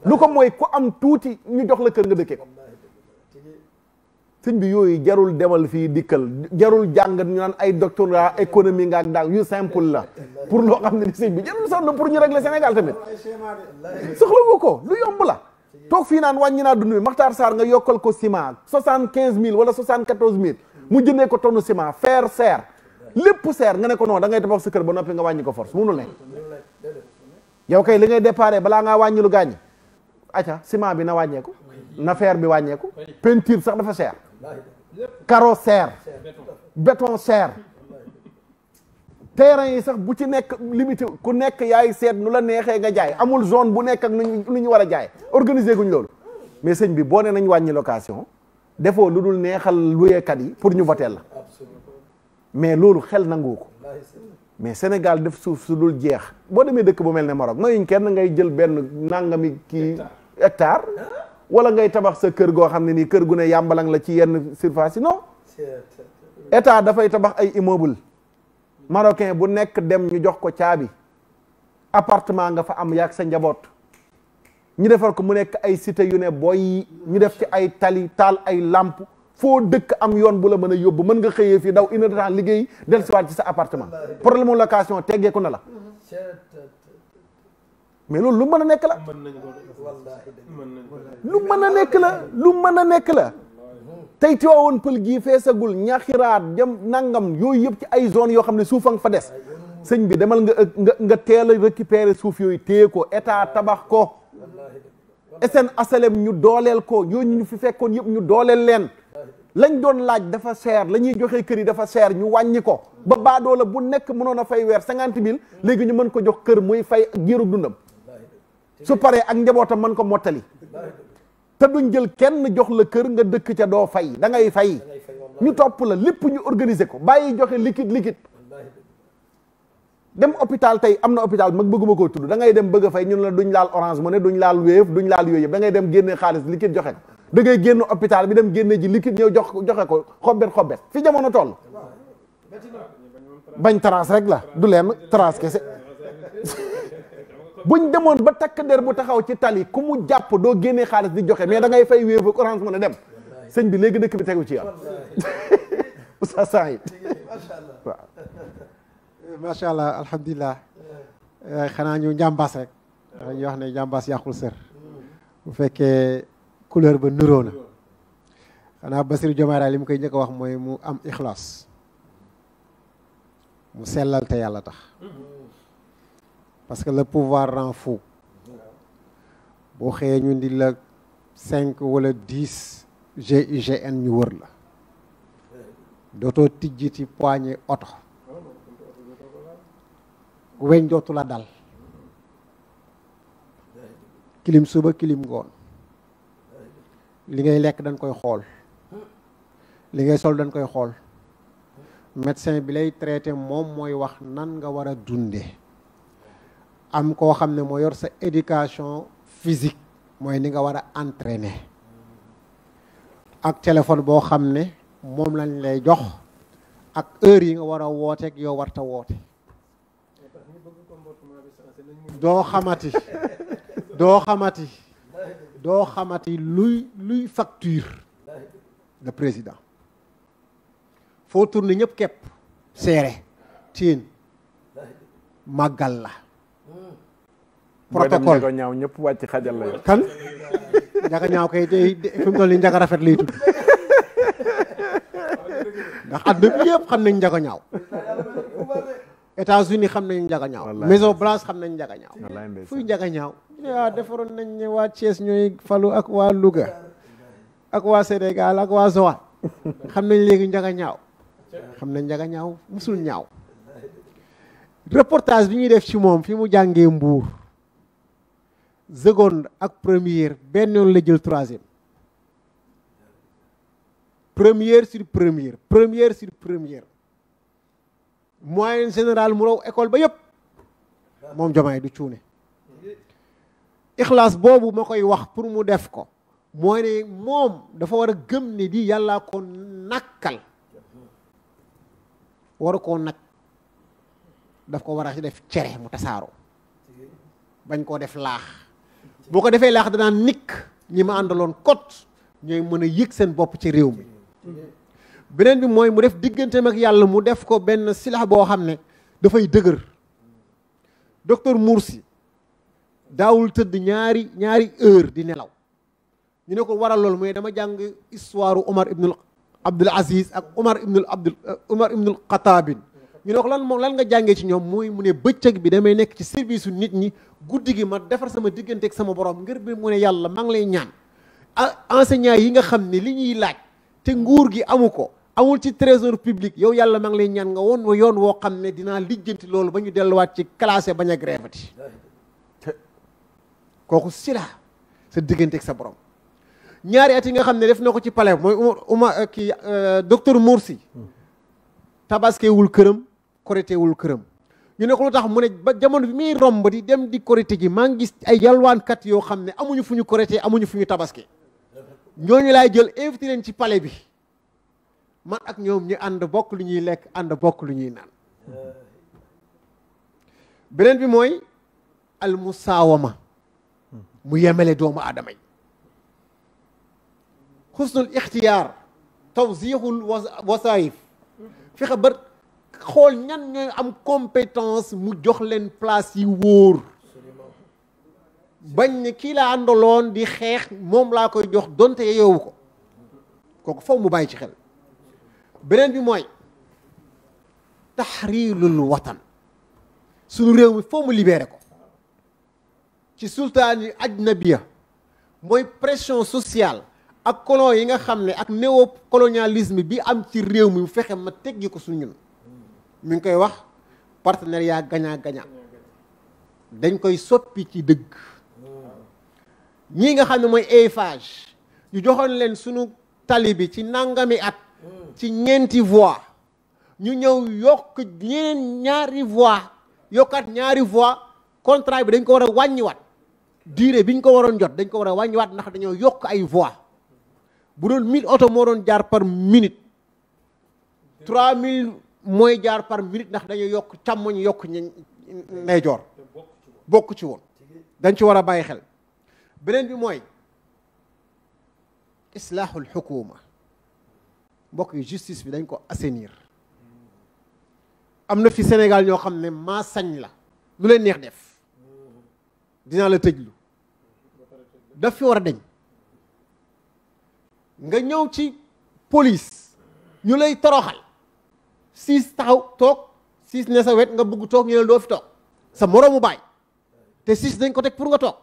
lu ko ku am touti, ñu jox la kër nga dëkke sëñ bi yooyu jarul demal fii dikkal jarul jàngat naan ay doctorat économie nga ak daal yu simple la pour loo xam ne ni sëñ bi jarul sax la pour ñu régler Sénégal tamit soxlawu ko lu yomb la toog fii naan wàññi naa dund bi Makhtar Sarr nga yokkal ko ciment soixante quinze mille wala soixante quatorze mille mu jëndee ko tonne ciment fer serre lépp serre nga ne ko non da ngay tabax sa kër ba noppi nga wàññi ko force munul ne yow kay li ngay déparé balaa ngaa wàññi lu gaañ aca bi na wàññeeku na bi wàññeeku peinture sax dafa cher carreau seer béton seer terrain yi sax bu ci nekk limité ku nekk yaay seet nu la neexee nga jaay amul zone bu nekk ak nu ñu war a jaay organiser guñ loolu mais sëñ bi boo nee nañ wàññi location defoo lu dul neexal luyeekat yi pour ñu voteel la mais loolu xel nangu ko mais Sénégal def suuf su dul jeex boo demee dëkk bu mel ne Maroc mayuñ kenn ngay jël benn nangami kii hectare ah. wala ngay tabax sa kër goo xam ne nii kër gu ne yàmbalang la ci yenn surface yi non état dafay tabax ay immeuble marocain bu nekk dem ñu jox ko caabi appartement nga fa am yaag sa njaboot ñu defar ko mu nekk ay cité yu ne boy ñu def ci ay tali taal ay làmp foo dëkk am yoon bu la mën a yóbbu mën nga xëyee fii daw une heure de liggéey del siwaat ci sa appartement problème mu location teggeeku na la mais loolu lu mën a nekk la lu mën a nekk la lu mën a nekk la tey Tiwaawoon pël gii feesagul ñaxiraat jam nangam yooyu yëpp ci ay zone yoo xam ne suufang fa des sëñ bi demal nga nga nga teel a récupérer suuf yooyu téye ko état tabax ko SN HLM ñu dooleel ko ñooñu ñu fi fekkoon yëpp ñu dooleel leen lañ doon laaj dafa cher la ñuy joxe kër yi dafa cher ñu wàññi ko ba baadoola bu nekk mënoon a fay weer cinquante mille léegi ñu mën ko jox kër muy fay giiru dundam su paree ak njabootam man ko mottali te duñ jël kenn jox la kër nga dëkk ca doo fay da ngay fay ñu topp la lépp ñu organiser ko bàyyi joxe liquide liquide dem hôpital tey am na hôpital mag bëgguma ko tudd da ngay dem bëgg a fay ñun la duñ laal orange mu ne duñ laal wéef duñ laal yooyu yëpp ngay dem génne xaalis liquide joxe ko da ngay génn hôpital bi dem génne ji liquide ñëw jox joxe ko xobbet xobbet fi jamono toll bañ trans rek la du leen trans kese buñ demoon ba takk der bu taxaw ci tali ku mu jàpp doo génnee xaalis di joxe mais dangay fay wéevu ak orange mën a dem sëñ bi léegi dëkk bi tegu ci yàlla oustaz Saïd waaw macha allah alhamdulilah eh, xanaa ñu njàmbaas rek dañuy wax ne njàmbaas yàqul ser bu fekkee couleur ba nuroo na xanaa Bassirou Diomaye Faye li mu koy njëkk wax mooy mu am ixlaas mu sellal yàlla tax parce que le pouvoir rend fou Si on ñu 5 ou 5 wala 10 GIGN ñu wër la peu de poignée oto weñ la dal kilim suba kilim li ngay lekk dañ koy xol li ngay sol dañ koy médecin bi lay traité mom moy wax nan nga am ko xam mo éducation physique moy ni nga wara entraîner ak téléphone Et xam mom lañ lay jox ak heure yi nga luy facture le président faut tourner ñep kep serré tin protokol booy dem ñaaw kan njaga ñaaw kay tey fi mu toll nii rafet lay tudd ndax àdduna bi yëpp xam nañ njaga ñaaw États-Unis xam nañ njaga ñaaw Maison ya defaroon nañ ne waa falu ak wa Louga ak wa Sénégal ak wa Zowal xam nañ léegi njaga ñaaw xam nañ ñaaw musul ñaaw reportage bi ñuy def ci mom fi mu jangé mbour seconde et première ben non la troisième première sur première première sur première moyenne générale mu suis école ba l'école Je du je wax pour mu def ko mooy mom, dafa wara gëm di yalla ko nakal war ko nak daf ko wara def mu boo ko defee laax danaa nikk ñi ma àndaloon kot ñooy mën a yëg seen bopp ci réew mi beneen bi mooy mu def diggante ak yàlla mu def ko benn silax boo xam ne dafay dëgër docteur Mursi daawul tëdd ñaari ñaari heure di nelaw ñu ne ko waral loolu mooy dama jàng histoire Omar ibnul Abdul Aziz ak Omar ibnul Abdul Omar ibnul Xataabin ñu ne ko lan moo lan nga jàngee ci ñoom mooy mu ne bëccëg bi damay nekk ci service su nit ñi guddi gi ma defar sama diggante ak sama borom ngir bi mu ne yàlla maa ngi lay ñaan enseignant yi nga xam ne li ñuy laaj te nguur gi amu ko amul ci trésor publique yow yàlla maa lay ñaan nga woon ma yoon woo xam ne dinaa lijjanti loolu ba ñu delluwaat ci classé bañ a grévati kooku sila sa diggante ak sa borom ñaari at yi nga xam ne def na ko ci pale mooy uma kii euh, docteur Morsi hmm. tabaskewul këram korité wul kërëm ñu ne ko lutax mu ne ba jamono bi mi romb di dem di korité gi ma ngi ay yalwaan kat yo xamné amuñu fuñu korité amuñu fuñu tabaske ñoñu lay jël invité len ci palais bi man ak ñoom ñu ànd bokk lu ñuy lek ànd bokk lu ñuy naan benen bi moy al musawama mu yemelé doomu adamay husnul ikhtiyar ixtiyaar tawsiixul wasaayif fexe xool ñan nga am compétence mu jox leen place yi wóor bañ ne kii laa àndaloon di xeex moom laa koy jox donte yeewu ko kooku faw mu bàyyi ci xel beneen bi mooy taxriirul watan suñu réew mi faw mu libéré ko ci sultaan yi ajnabiya mooy pression sociale ak colon yi nga xam ne ak colonialisme bi am ci réew mi mu fexe ma teggi ko su ñun mi ngi koy wax partenariat gagnant-gagnant dañ koy soppi ci dëgg ñii nga xam ne mooy Eiffage ñu joxoon leen sunu tali bi ci nangami at ci ñeenti voie ñu ñëw yokk ñeneen ñaari voie yokkaat ñaari voie contrat bi dañ ko war a wàññiwaat durée biñ ko waroon jot dañ ko war a wàññiwaat ndax dañoo yokk ay voie bu doon 1000 oto moo doon jaar par minute moy jaar par minute ndax dañu yok yokk càmmoñ yokk jor bokk ci won dañ ci wara baye xel benen bi moy islaaxul xukuma mbokk yi justice bi dañ ko assainir amna fi Sénégal ño xamne ma sañ la lu leen neex def dina la tëjlu da fi wara deñ nga ñëw ci police ñu lay toroxal sis taw tok, sis ne sa wet nga bugu tok, ñeul do fi tok sa moromu bay te sis dañ ko tek pour nga tok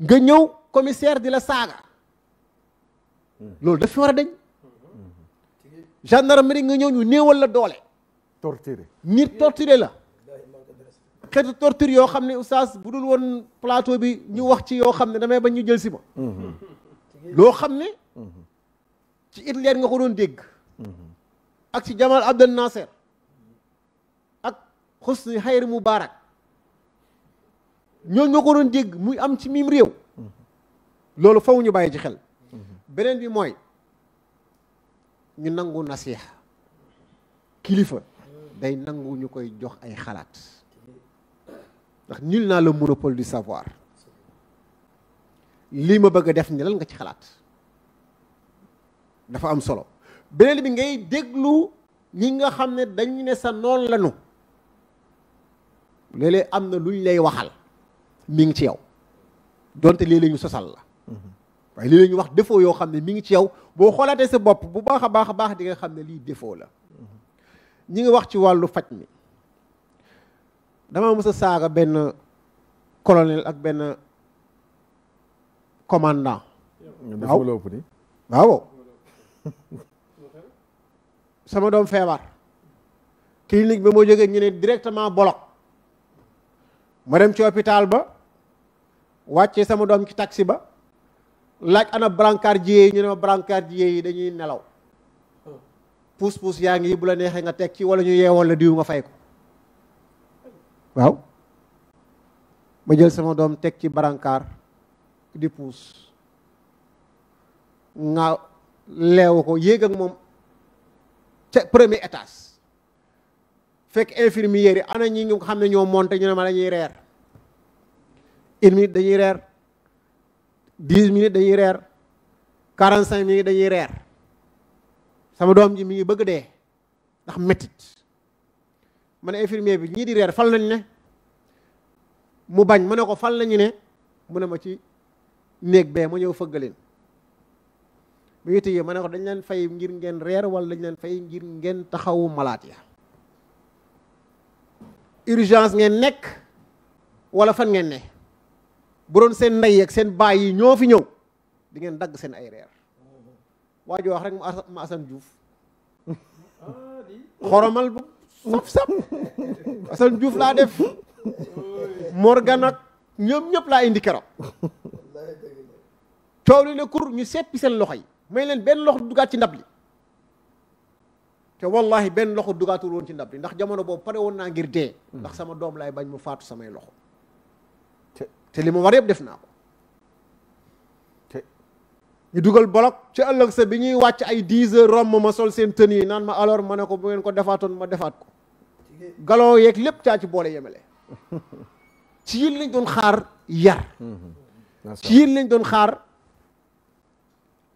nga ñew commissaire di la saga lool da fi wara deñ dañ gendarmerie nga ñew ñu neewal la doole torturer nit torturer la xet torture yo oustaz bu dul plateau bi ñu wax ci yo xam ne damay bañ ñu jël si ma mhm. loo ne ci Hitler nga ko doon deg ak ci Jamal Abdel Nasser ak Hosni Hayri Moubarak ñooñu ñoo ko doon jégg muy am ci miim réew loolu faw ñu bàyyi ci xel beneen bi mooy ñu nangu nasiha kilifa day nangu ñu koy jox ay xalaat ndax nul n'a le monopole du savoir lii ma bëgg a def ni nga ci xalaat dafa am solo beneen bi ngay déglu ñi nga xam ne dañu ne sa noon lañu léeg-léeg am na luñ lay waxal mi ngi ci yow donte léeg-léeg ñu sosal la mm-hmm. waaye léeg-léeg wax défaut yoo xam ne mi ngi ci yow boo xoolaatee sa bopp bu baax a baax a baax di nga xam ne lii défaut la mm-hmm. ñi ngi wax ci wàllu faj mi dama mës a saaga benn colonel ak benn commandant waaw waaw sama doom feebar clinique bi moo jógee ñu ne directement bolok ma dem ci hôpital ba wàcce sama doom ci taxi ba laaj ana brancardier yi ñu ne ma brancardier yi dañuy nelaw puus puus yaa ngi bu la neexee nga teg ci wala ñu yeewoon la diw nga fay ko waaw ma jël sama doom teg ci brancard di puus nga leew ko yéeg moom ca premier étage fekk infirmière yi ana ñi nga xam ne ñoo monté ñu ne ma dañuy reer une minute dañuy reer dix minutes dañuy reer quarante cinq minutes dañuy reer sama doom ji mi ngi bëgg dee ndax métit ma ne infirmier bi ñii di reer fal nañ ne mu bañ mu ne ko fal nañu ne mu ne ma ci néeg bee ma ñëw leen bi yitu yi ya, ma ko dañ leen fay ngir ngeen reer wala dañ leen fay ngir ngeen taxawu malade ya urgence ngeen nek wala fan ngeen ne bu doon sen nday ak sen baay yi ño fi ñew di ngeen dag sen ay reer waji wax rek ma asan juuf xoromal bu sap sap asan juuf la def morgan ak ñom ñep la indi kero tawli le kur ñu seppi sen loxay may leen benn loxo dugaat ci ndab li te wallahi benn loxo dugaatul woon ci ndab li ndax jamono boobu pare woon naa ngir dee ndax sama doom laay bañ mu faatu samay loxo te li ma war yëpp def naa ko te ñu dugal bolok ci ëllëg sa bi ñuy wàcc ay dix heures romb ma sol seen tën yi naan ma alors ma ne ko bu ngeen ko defaatoon ma defaat ko galon yeeg lépp caa ci boole yemale ci yéen lañ doon xaar yar mhm. ci yéen lañ doon xaar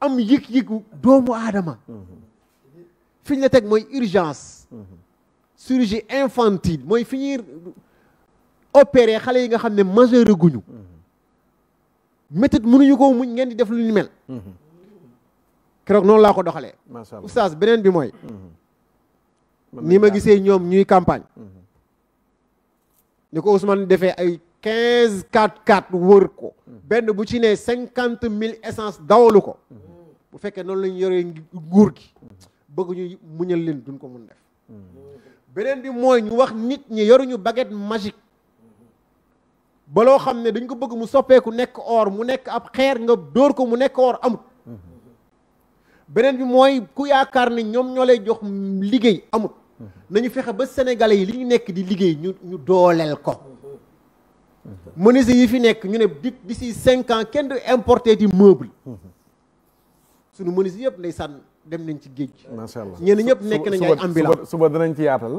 am yik yëgu doomu aadama fi ñu la teg mooy urgence chirurgie infantile mooy fi ñuy opéré xale yi nga xam ne majeur guñu méthode mënuñu ko muñ ngeen di def lu ñu mel keroog noonu laa ko doxalee oustaz beneen bi mooy mhm. ni ma gisee ñoom ñuy campagne mhm. ni ko Ousmane defee ay quinze quatre quatre wër ko benn bu ci ne cinquante mille essence dawalu ko bu fekkee noonu la ñu yoree nguur gi bëgg ñu muñal leen duñ ko mun def beneen bi mooy ñu wax nit ñi yoruñu baguette magique ba loo xam ne dañ ko bëgg mu soppeeku nekk or mu nekk ab xeer nga dóor ko mu nekk or amut beneen bi mooy ku yaakaar ne ñoom ñoo lay jox liggéey amut nañu fexe ba sénégalais yi li ñu nekk di liggéey ñu ñu dooleel ko menuisier yi fi nekk ñu ne di d'ici cinq ans kenn du importé di meuble sunu menuisier yëpp ndeysaan dem nañ ci géej macha allah ñenn ñëpp nekk nañ ay ambulant suba danañ ci yaatal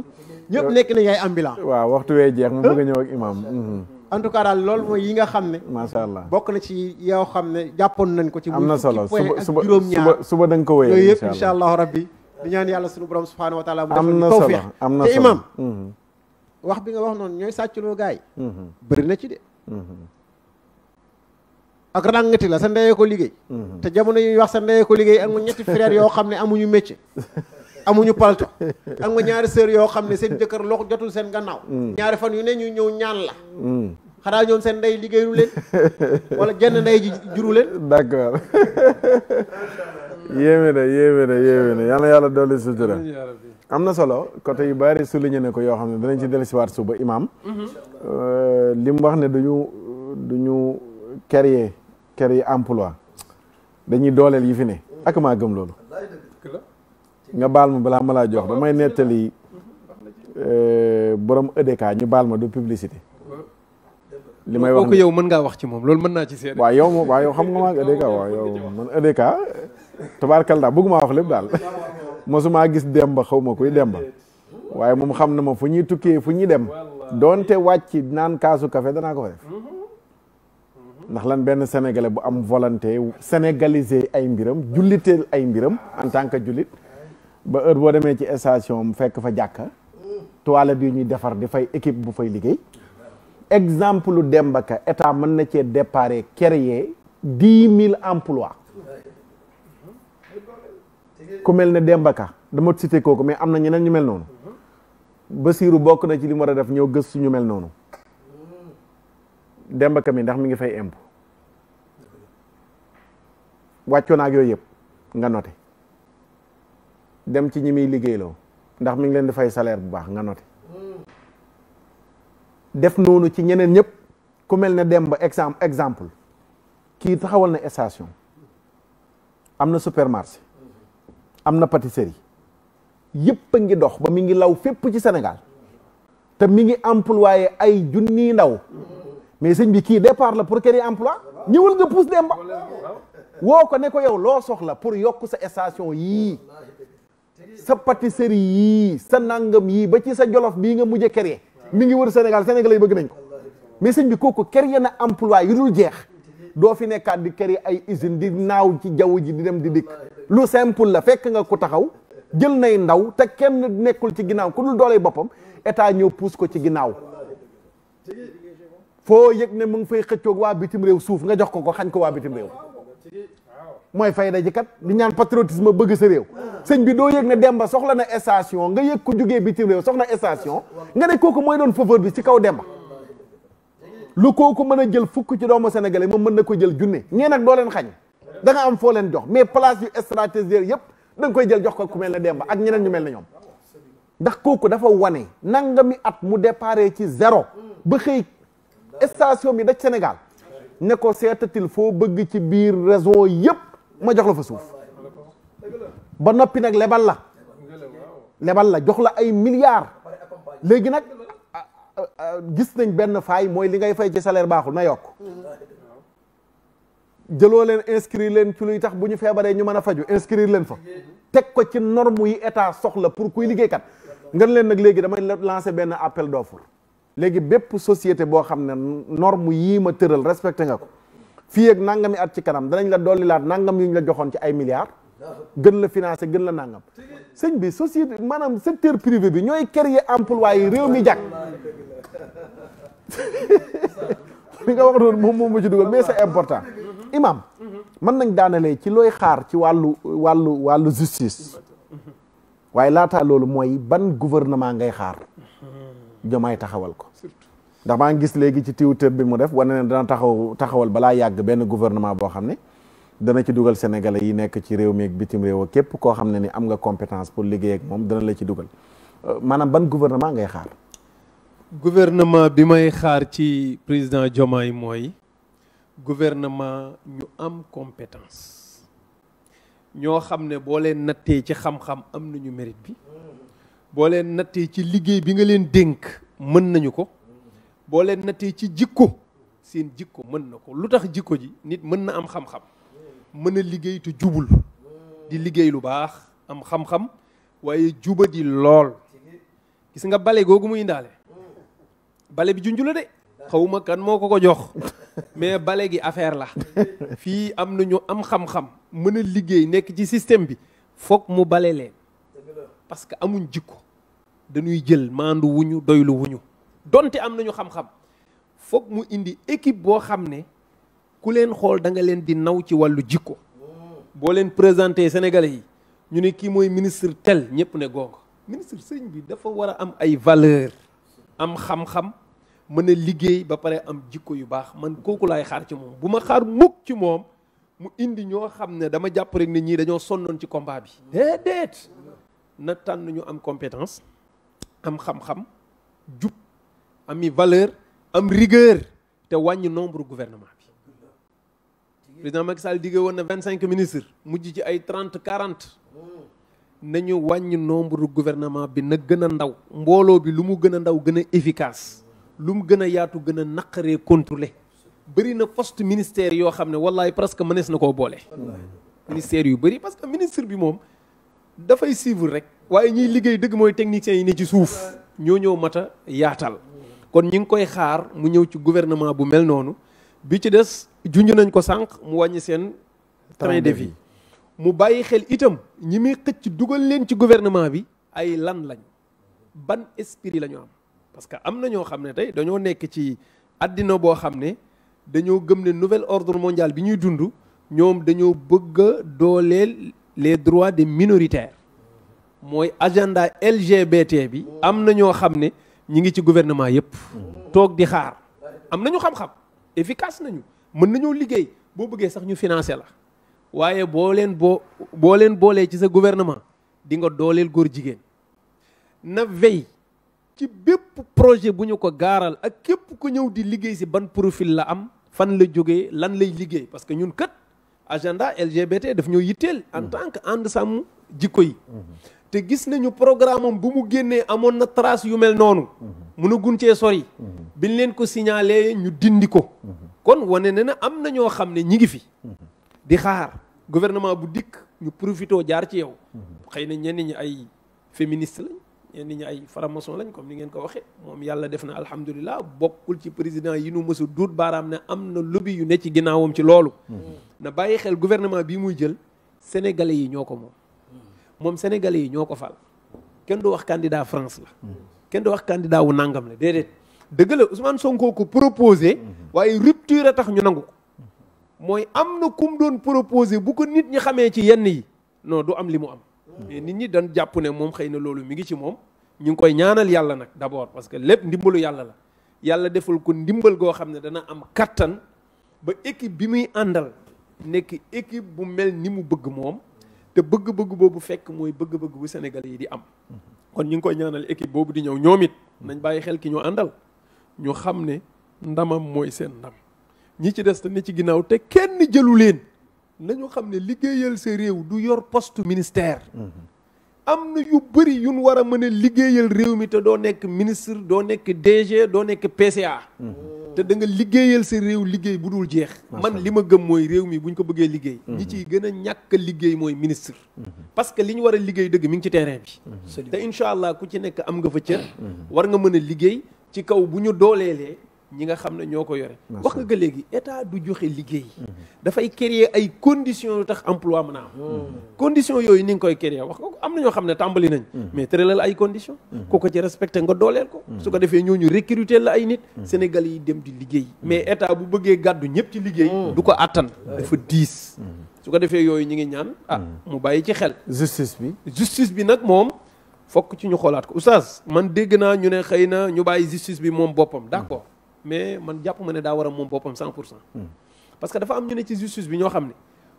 ñëpp nekk nañ ay ambulant waaw waxtu wee jeex mu bëgg a ñëw ak imam mhm. en tout cas daal loolu mooy yi nga xam ne macha allah bokk na ci yow xam ne jàppoon nañ ko ci am na solo suba suba juróom-ñaar suba da nga ko wéyee yooyu yëpp incha allahu rabbi di ñaan yàlla sunu borom subhanahu wa taala am na solo am na solo te imam mhm. wax bi nga wax noonu ñooy sàcculoo gaa yi mhm. bëri na ci de mhm. ak ràngati la sa ndeyee ko liggéey mhm. te jamono yuy wax sa ndeyee ko liggéey am nga ñetti frère yoo xam ne amuñu métier amuñu palto am nga ñaari sœur yoo xam ne seen jëkkër loxo jotul seen gannaaw ñaari fan yu ne ñu ñëw ñaan la xanaa ñoom seen ndey liggéeyu leen wala jenn ndey ji juru leen yéeme na yéeme na yéeme na yal na yàlla dolli sutura am na solo côté yu bari souligné na ko yoo xam ne danañ ci dellusiwaat suba imam mm-hmm. li mu wax ne duñu duñu créer yi emploi dañuy dooleel yi fi ne ak maa gëm loolu nga baal ma balaa ma laa jox damay nettali mm-hmm. euh, borom EDK ñu baal ma du publicité mm-hmm. li may wax kooku yow mën ngaa wax ci moom loolu mën naa ci seet waaw yow moom waaw yow xam nga maa EDK waaw yow man EDK tabaarkalla bëgguma wax lépp daal mosuma gis demba xaw ma kuy demba waaye moom xam na ma fu ñuy tukkee fu ñuy dem donte wàcc naan kaasu café danaa ko fa def ndax lan benn sénégalais bu am volonté sénégaliser ay mbiram julliteel ay mbiram en tant que jullit ba heure boo demee ci station fekk fa jàkka toilette yu ñuy defar di fay équipe bu fay liggéey exemple lu Demba Ka état mën na cee déparé créer dix mille emplois ku mel ne Demba Ka dama cité kooku mais am na ñeneen ñu mel noonu Basiiru bokk na ci li mu war a def ñëw gëstu ñu mel noonu Demba Ka mi ndax mi ngi fay imp wàccoon ak yooyu yëpp nga noté dem ci ñi muy liggéeyloo ndax mi ngi leen di fay salaire bu baax nga noté def noonu ci ñeneen ñëpp ku mel ne Demba exemple exemple kii taxawal na station am na supermarché am na pâtisserie yëpp a ngi dox ba mi ngi law fépp ci Sénégal te mi ngi employé ay junni ndaw mais sëñ bi kii départ la pour créer emploi ñëwal nga pousse dem ba woo ko ne ko yow loo soxla pour yokk sa station yii sa pâtisserie yii sa nangam yii ba ci sa jolof bii nga mujj créer mi ngi wër Sénégal Sénégal lay bëgg nañ ko mais sëñ bi kooku créer na emploi yu dul jeex doo fi nekkaat di kër yi ay usine di naaw ci jaww ji di dem di dikk lu simple la fekk nga ku taxaw jël nay ndaw te kenn nekkul ci ginnaaw ku dul dooley boppam état ñëw puus ko ci ginnaaw foo yëg ne mu ngi fay xëccoog waa bitim réew suuf nga jox ko ko xañ ko waa bitim réew mooy fayda ji kat di ñaan patriotisme bëgg sa réew sëñ bi doo yëg ne Demba soxla na station nga yëg ko jugee bitim réew soxla station nga nekkoo ko mooy doon faveur bi ci kaw Demba lu kooku mën a jël fukk ci doomu sénégalais moom mën na ko jël junne ñee nag doo leen xañ da am foo leen jox mais place yu stratégie yëpp da koy jël jox ko ku mel ne Demba ak ñeneen ñu mel ne ñoom ndax kooku dafa wane mi at mu déparé ci zéro ba xëy station bi daj Sénégal ne ko seetatil foo bëgg ci biir raison yëpp ma jox la fa suuf ba noppi nag lebal la lebal la jox la ay milliards léegi nag gis nañ benn faay mooy li ngay fay ci salaire baaxul na yokk jëloo leen inscrire leen ci luy tax bu ñu feebaree ñu mën a faju inscrire leen fa teg ko ci norme yi état soxla pour kuy liggéey liggéeykat ngeen leen nag léegi damay lancer benn appel d'offre léegi bépp société boo xam ne norme yii ma tëral respecté nga ko fii nangam yi at ci kanam danañ la dollilaat nangam yu la joxoon ci ay milliards gën la financé gën la nangam sëñ bi société maanaam secteur bi ñooy créer emploi yi réew mi jàkk li nga wax noonu moom moom ma ci dugal mais c'est important imam mën nañ daanalee ci looy xaar ci wàllu wàllu wàllu justice waaye laataa loolu mooy ban gouvernement ngay xaar jomaay taxawal ko ndax maa ngi léegi ci Twitter bi mu def wane ne dana taxaw taxawal balaa yàgg benn gouvernement boo xam ne dana ci dugal sénégalais yi nekk ci réew mi ak bitim réew ak képp koo xam ne ni am nga compétence pour liggéey moom dana la ci dugal euh, maanaam ban gouvernement ngay xaar gouvernement bi may xaar ci président yi mooy gouvernement ñu am compétence ñoo xam ne boo leen nattee ci xam-xam am nañu mérite bi boo leen nattee ci liggéey bi nga leen dénk mën nañu ko boo leen nattee ci jikko seen jikko mën na ko lu tax jikko ji nit mën na am xam-xam mën a liggéey te jubul di liggéey lu baax am xam-xam waaye juba di lool gis nga bale googu muy indaale bale bi junj la de xawma kan moo ko ko jox mais bale gi affaire la fii am na ñu am xam-xam mën a liggéey nekk ci système bi foog mu bale leen parce que amuñ jikko dañuy jël maandu wuñu doylu wuñu donte am nañu xam-xam foog mu indi équipe boo xam ne ku leen xool danga leen di naw ci wàllu jikko boo leen présenté Sénégalais yi ñu ne kii mooy ministre tel ñëpp ne gongo ministre sëñ bi dafa war a am ay valeur am xam-xam mën a liggéey ba pare am jikko yu baax man kooku laay xaar ci moom bu ma xaar mukk ci moom mu indi ñoo xam ne dama jàpp rek ne ñii dañoo sonnoon ci combat bi déedéet na tànn ñu am compétence am xam-xam jub ami valeur am rigueur te wàññi nombre gouvernement bi président Macky Sall diggé woon na vingt cinq ministres mujj ci ay trente quarante nañu wàññi nombre gouvernement bi na gën a ndaw mbooloo bi lu mu gën a ndaw gën a efficace lu mu gën a yaatu gën a naqaree contrôler bëri na poste ministère yoo xam ne wallaay presque mënees na koo boole ministère yu bëri parce que ministre bi moom dafay suivre rek waaye ñiy liggéey dëgg mooy techniciens yi ne ci suuf ñoo ñëw mat a yaatal kon ñi ngi koy xaar mu ñëw ci gouvernement bu mel noonu bi ci des junj nañ ko sànq mu wàññ seen train de vie mu bàyyi xel itam ñi muy xëcc dugal leen ci gouvernement bi ay lan lañ ban esprit la am parce que am na ñoo xam ne tey dañoo nekk ci àddina boo xam ne dañoo gëm ne nouvelle ordre mondial bi ñuy dund ñoom dañoo bëgg a dooleel les droits des minoritaires mooy agenda LGBT bi am na ñoo xam ne ñi ngi ci gouvernement yépp toog di xaar am nañu xam-xam nañu mën nañoo liggéey boo bëggee sax ñu financé la waaye boo leen boo boo leen boolee ci sa gouvernement di nga dooleel góor jigéen na vey ci bépp projet bu ñu ko gaaral ak képp ko ñëw di liggéey si ban profile la am fan la jógee lan lay liggéey parce que ñun kat agenda LGBT daf ñoo yitteel en mm. tant que ànd sàmm jikko yi mm-hmm. te gis nañu programme am bu mu génnee amoon na trace yu mel noonu mun mm-hmm. a gun cee sori mm-hmm. biñ leen ko signalé ñu dindi ko kon wane ne na am na ñoo xam ne ñi ngi fi di xaar gouvernement bu dikk ñu profitoo jaar ci yow. xëy na ñenn ñi ay féministe lañ ñenn ñi ay faramason lañ comme ni ngeen ko waxee moom yàlla def na alhamdulilah bokkul ci président yi nu mësu duut baaraam ne am na lobby yu ne ci ginnaawam ci loolu. Hmm. na bàyyi xel gouvernement bii muy jël sénégalais yi ñoo ko moom. Hmm. moom sénégalais yi ñoo ko fal kenn du wax candidat France la. Hmm. kenn du wax kandidaa wu nangam la déedéet. dëgg la Ousmane Sonko ko proposé. waaye rupture a tax ñu nangu ko. mooy am na kum doon proposé bu ko nit ñi xamee ci yenn yi non du am li mu am mais nit ñi dañ jàpp ne moom xëy na loolu mi ngi ci moom ñu ngi koy ñaanal yàlla nag d'abord parce que lépp ndimbalu yàlla la yàlla defal ko ndimbal goo xam ne dana am kattan ba équipe bi muy àndal nekk équipe bu mel ni mu bëgg moom te bëgg-bëgg boobu fekk mooy bëgg-bëgg bu Sénégal yi di am kon ñu ngi koy ñaanal équipe boobu di ñëw ñoom it nañ bàyyi xel ki ñu àndal ñu xam ne ndamam mooy seen ndam ñi ci des te ne ci ginnaaw te kenn jëlu leen nañu xam ne liggéeyal sa réew du yor poste ministère mm-hmm. am na yu bëri yun war a mën a liggéeyal réew mi te doo nekk ministre doo nekk DG doo nekk PCA mm-hmm. te danga liggéeyal sa réew liggéey bu dul jeex man li ma gëm mooy réew mi buñ ko bëggee liggéey ñi mm-hmm. ciy gën ñàkk liggéey mooy ministre parce que li ñu war a liggéey dëgg mi ngi ci terrain bi te incha allah ku ci nekk am nga fa cër war nga mën a liggéey ci kaw bu ñu dooleelee ñi nga xam ne ñoo ko yore wax nga ko léegi état du joxe liggéey dafay créer ay conditions yu tax emploi mën a am condition yooyu ni nga koy créer wax nga ko am na ñoo xam ne tàmbali nañ mm-hmm. mais tëralal ay condition mm-hmm. ku ko ci respecté nga dooleel ko su ko defee ñooñu recruter la ay nit mm-hmm. Sénégal yi dem di liggéey mais état bu bëggee gàddu ñëpp ci liggéey du ko àttan dafa diis su ko defee yooyu ñi ngi ñaan ah mu bàyyi ci xel justice bi justice bi nag moom fokk ci ñu xoolaat ko oustaz man dégg naa ñu ne xëy na ñu bàyyi justice bi moom boppam d'accord mais man jàpp ma ne daa war a moom boppam cent pour cent hmm. parce que dafa am ñu ne ci justice bi ñoo xam ne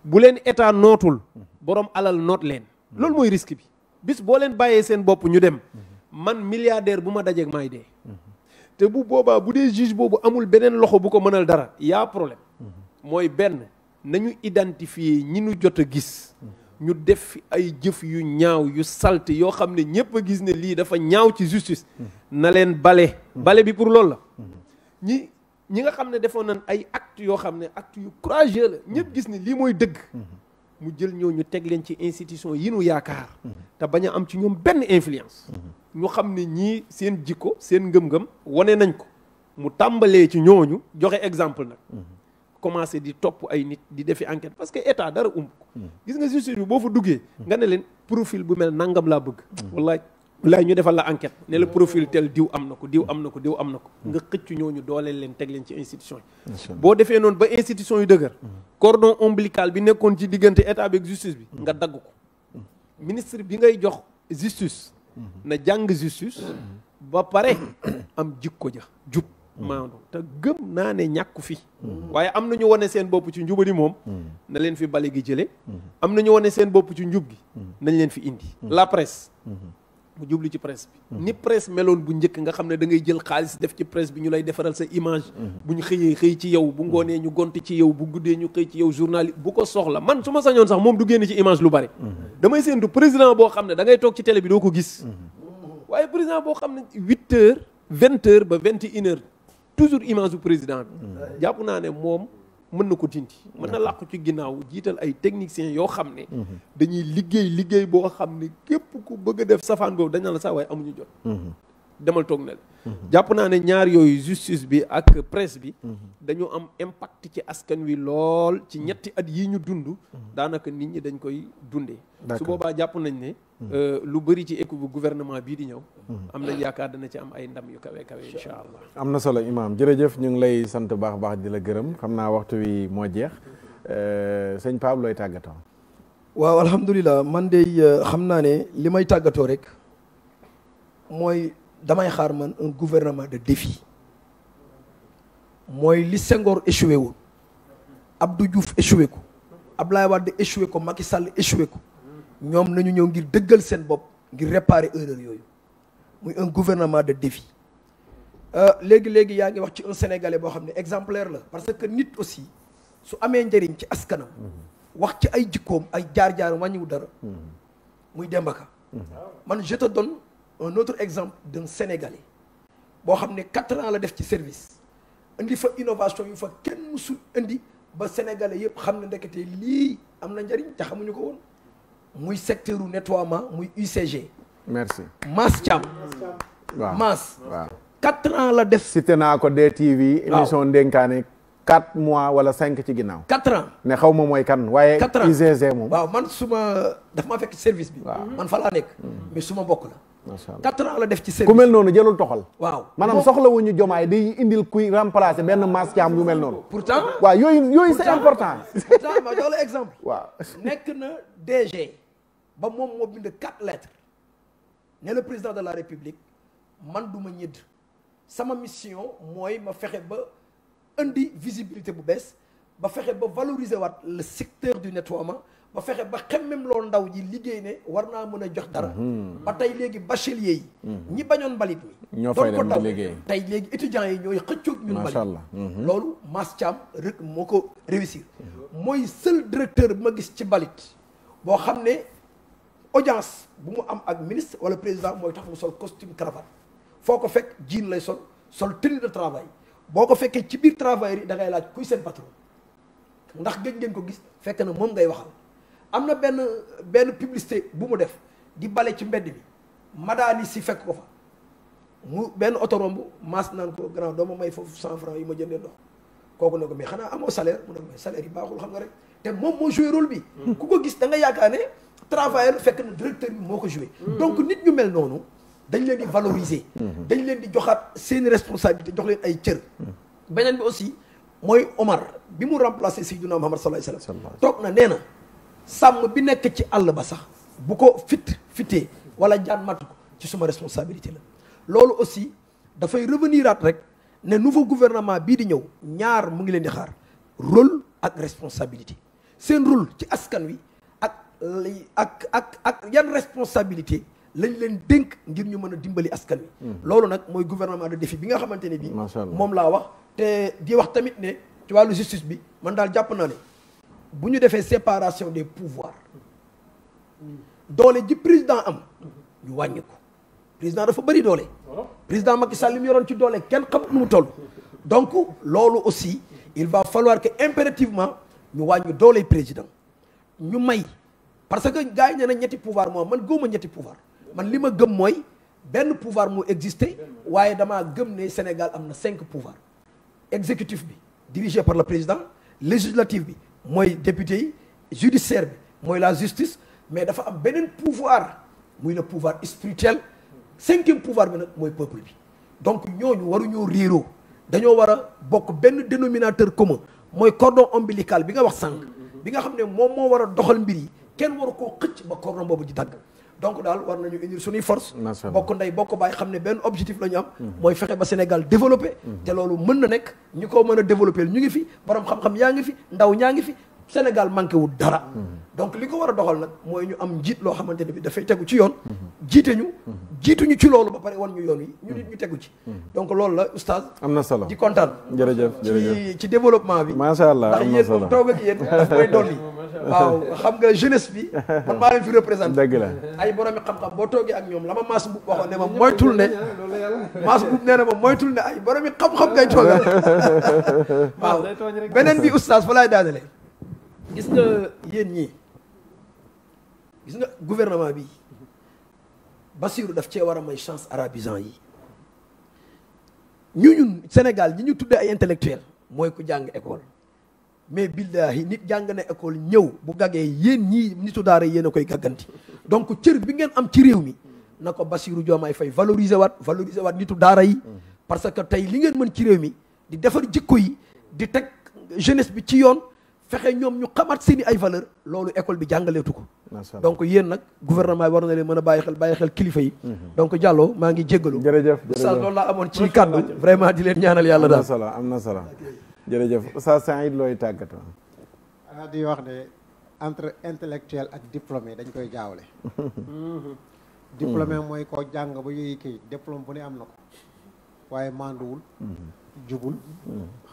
bu leen état nootul hmm. borom alal noot leen hmm. loolu mooy risque bi bis boo leen bàyyee seen bopp ñu dem man milliardaire bu ma dajeeg maay dee te bu boobaa bu dee juge boobu amul beneen loxo bu ko mënal dara yaa problème mooy benn nañu identifier ñi ñu jot a gis ñu def ay jëf yu ñaaw yu salt yoo xam ne ñépp a gis ne lii dafa ñaaw ci justice na leen bale bale bi pour loolu la ñi ñi nga xam ne defoon nañ ay actes yoo xam ne actes yu courageux la ñëpp gis ni lii mooy dëgg mm-hmm. mu jël ñoo ñu teg leen ci institution yi nu yaakaar mm-hmm. te bañ a am ci ñoom benn influence mm-hmm. ñu xam ne ñii seen jikko seen ngëm-ngëm wane nañ ko mu tàmbalee ci ñooñu joxe exemple nag commencé di topp ay nit di defi enquête parce que état dara umb ko gis nga justice bi boo fa duggee nga ne leen profil bu mel nangam laa bëgg wallaay La ñu defal la enquête Né le profil tel diw amna ko diw amna ko diw amna ko nga xëcc ñooñu doole leen teg leen ci institution bo défé non ba institution yu dëgër cordon ombilical bi nekkon ci digënté état bi ak justice bi nga dagg ministre bi ngay jox justice na jang justice ba paré am jikko ja jup maandu te gëm na ne nyaku fi Wa, am ñu woné seen bop ci njubadi mom mm. na leen fi bale gi jëlé amna ñu woné seen bop ci njub gi mm. nañ leen fi indi la presse mm-hmm. mu jublu ci presse bi mhm. ni presse meloon bu njëkk nga xam ne da ngay jël xaalis def ci presse bi ñu lay defaral sa image mhm. bu ñu xëyee xëy ci yow bu ngoonee ñu gont ci yow bu guddee ñu xëy ci yow journal bu ko soxla man su ma sañoon sax moom du génn ci image lu bari mhm. damay séentu président boo xam ne dangay toog ci tele bi doo ko gis waaye président boo xam ne huit heures vingt heures ba vingt et une heures toujours image bu président bi jàpp naa ne moom mën na ko dindi mën na làqu ci ginnaaw jiital ay techniciens yoo xam ne mhm. dañuy liggéey liggéey boo xam ne képp ku bëgg a def safaan boobu daña la sax waaye amuñu jot mhm. demal toog na jàpp naa ne ñaar yooyu justice bi ak presse bi dañu am impact ci askan wi lool ci ñetti at yi ñu dund daanaka nit ñi dañ koy dundee su boobaa jàpp nañ ne euh, lu bëri ci équipe bu gouvernement bii di ñëw hmm. am nañ yaakaar dana ci am ay ndam yu kawe kawe incha allah am na solo imaam jërëjëf ñu ngi lay sant baax baax di la gërëm xam naa waxtu wi moo jeex euh, sëñ Pape tàggatoo waaw alhamdulilah man de euh, xam naa ne li may tàggatoo rek mooy damay xaar man un gouvernement de défi mooy li Senghor échoué woon Abdou Diouf échoué ko Abdoulaye Wade échoué ko mag Macky Sall échoué ko ñoom nañu ñëw ngir dëggal seen bopp ngir réparer erreur yooyu muy un gouvernement de défi euh, léegi léegi yaa ngi wax ci un sénégalais boo xam ne exemplaire la parce que nit aussi su amee njëriñ ci askanam wax ci ay jikkoom ay jaar-jaar wàññiwu dara mm-hmm. muy Demba Ka mm-hmm. man je te un autre exemple d'un Sénégalais. Bo xamné 4 ans la def ci service. Andi fa innovation yu fa kenn musul andi ba Sénégalais yépp xamné ndekété li amna ndariñ ta xamuñu ko won. Muy secteur nettoyement muy UCG. Merci. Mass Mass. 4 ans la def. Cité na ko DTV émission wow. ndenkané 4 mois wala 5 ci ginnaw. 4 ans. Né xawma moy kan wayé UCG mom. Waaw man suma daf ma fekk service bi. Man fa la nek mm. mais suma bokk quatre ans la def ci service ku mel nonu jëlul toxal waaw manam soxla soxlawuñu jomaay day indil kuy remplacer ben masque am yu mel nonu pourtant waaw yoy yoy c'est important pourtant ma jox exemple waaw nek na DG ba mom mo bind quatre lettres ne le président de la république man du ma sama mission moy ma fexé ba indi visibilité bu bees ba fexé ba valoriser wat le secteur du nettoyage ba fexe ba xemmem loo ndaw ji liggéey ne war naa jox dara mhm. ba tay léegi bachelier yi mhm. ñi bañoon balit mi ñoo fay dem di liggéey tey léegi étudiants yi ñoy xëccoog ñun balit allah mhm. loolu Mass rek moko réussir moy seul directeur bu ma gis ci balit bo xam audience bu mu am ak ministre wala président moy tax mu sol costume cravate foko fek jean lay sol sol tenue de travail boko fekke ci biir travail da ngay laaj kuy seen patron ndax gëj ngeen ko gis fekk na mom ngay waxal amna ben ben publicité bu mu def di balé ci mbedd bi madaani si fekk ko fa mu benn oto romb maas ko grand do ma may foofu cent franc yi ma jëndee ndox kooku ne ko mais xanaa amoo salaire mu ne ko salaire yi baaxul xam nga rek té mom mo jouer rôle bi hmm. ku ko gis da nga yakane ne travailleur fekk na directeur bi moo ko hmm. donc nit ñu mel nonu dañ leen di valoriser hmm. dañ leen di joxat seen responsabilité jox leen ay cër beneen bi aussi moy Omar bi mu remplacer sayyiduna Muhammad sallallahu alayhi wasallam tok na nee c'est bi nek ci àll ba sax bu ko fit fité, wala ci suma responsabilité la aussi fay revenir at rek nouveau gouvernement bi di ñew ñaar mu ngi leen di xaar rôle ak responsabilité sen rôle ci askan wi ak ak ak ak yan responsabilité lañ leen ngir ñu dimbali askan wi hmm. gouvernement de défi bi nga wax di ci justice bi man bu ñu defee séparation des pouvoirs dans les président am ñu wàññi président dafa bëri doole. président Macky Sall li mu yoroon ci doole kenn xamut nu mu toll. donc loolu aussi il va falloir que impérativement ñu wàññi doole président ñu may parce que gars yi nee na pouvoir pouvoir moo man góoma ñetti pouvoir man li ma gëm mooy benn pouvoir mu exister waaye damaa gëm ne Sénégal am na cinq pouvoirs. exécutif dirigé par le président législatif mooy député judiciaire bi la justice mais dafa am un pouvoir muy le pouvoir spirituel cinquième pouvoir bi nag peuple bi donc ñooñu waruñoo réeroo dañoo war a bokk benn dénominateur commun moy cordon ombilical bi nga wax sank bi nga xamné mom mo wara doxal mbir yi kenn waru koo xëcc ba cordon bobu di tag donc dal war nañu unir suñuy force bokk nday bokk bay xamné ne objectif lañu am moy fexé ba Sénégal développer té lolu mëna nek ñuko mëna développer ñu ngi fi borom xam-xam yaa ngi fi ndaw ñaa ngi fi Sénégal manqué wu dara. donc li ko war a doxal nag mooy ñu am njiit loo xamante ne bi dafay tegu ci yoon. jiite ñu. jiituñu ci loolu ba pare wan ñu yoon yi ñu nit ñu tegu ci. donc loolu la oustaz. am na solo di kontaan. jërëjëf jërëjëf ci ci développement bi. macha allah am na solo ndax yéen toog ak yéen waaw xam nga jeunesse bi. man maa leen fi représenté. la ay boromi xam-xam boo toogee ak ñoom la ma maas bu waxoon ne ma moytul ne. maas bu nee na ma moytul ne ay boromi xam-xam ngay toogal. waaw beneen bi oustaz fa laay daanele gis nga yéen ñi gis nga gouvernement bi Bassirou daf cee war a may chance arabisant yi ñu ñun Sénégal ñi ñu tuddee ay intellectuel mooy ku jàng école mais billahi nit jàng na école ñëw bu gaggee yéen ñii nitu daara yéen a koy gàgganti donc cër bi ngeen am ci réew mi na ko Bassirou Diomaye fay valoriser waat valoriser waat nitu daara yi parce que tey li ngeen mën ci réew mi di defar jikko yi di teg jeunesse bi ci yoon fexe ñoom ñu xamaat seeni ay valeur loolu école bi jàngaleetu ko donc yéen nag gouvernement bi war na leen mën a bàyyi xel bàyyi xel kilifa yi mhm. donc Diallo maa ngi jéggalu jërëjëf sa loolu laa amoon ci kàddu vraiment di leen ñaanal yàlla daal am na solo am na solo jërëjëf Oustaz Saïd looy tàggatoo ana ah, di wax ne entre intellectuel ak diplômé dañ koy jaawle diplômé mhm. mooy ko jàng ba yooyu kii diplôme bu ne am na ko waaye manduwul mhm. jubul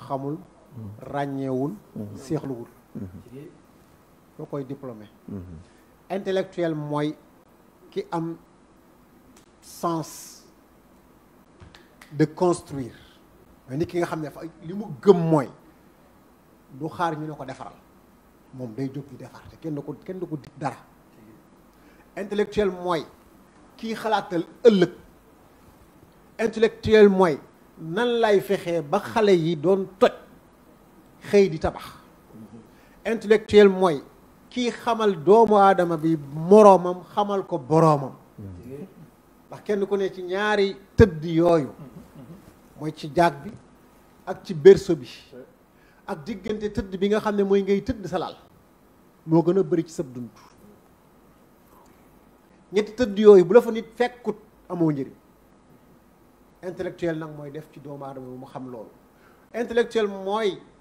xamul ràññeewul mhm. seexluwul boo mhm. koy diplômé mhm. intellectuel mooy ki am sens de construire mais nit ki nga xam ne fa li mu gëm mooy du xaar ñu ne ko defaral moom day jóg di defar te kenn du ko kenn du ko dara intellectuel mooy kii xalaatal ëllëg intellectuel mooy nan lay fexee ba xale yi doon toj xëy di tabax intellectuel mooy kii xamal doomu aadama bi moroomam xamal ko boroomam ndax kenn ku ne ci ñaari tëdd yooyu mooy ci jaag bi ak ci berceau bi ak diggante tëdd bi nga xam ne mooy ngay tëdd sa lal moo gën a bëri ci sab dund ñetti tëdd yooyu bu la fa nit fekkut amoo njëriñ intellectuel nag mooy def ci doomu aadama bi mu xam loolu intellectuel mooy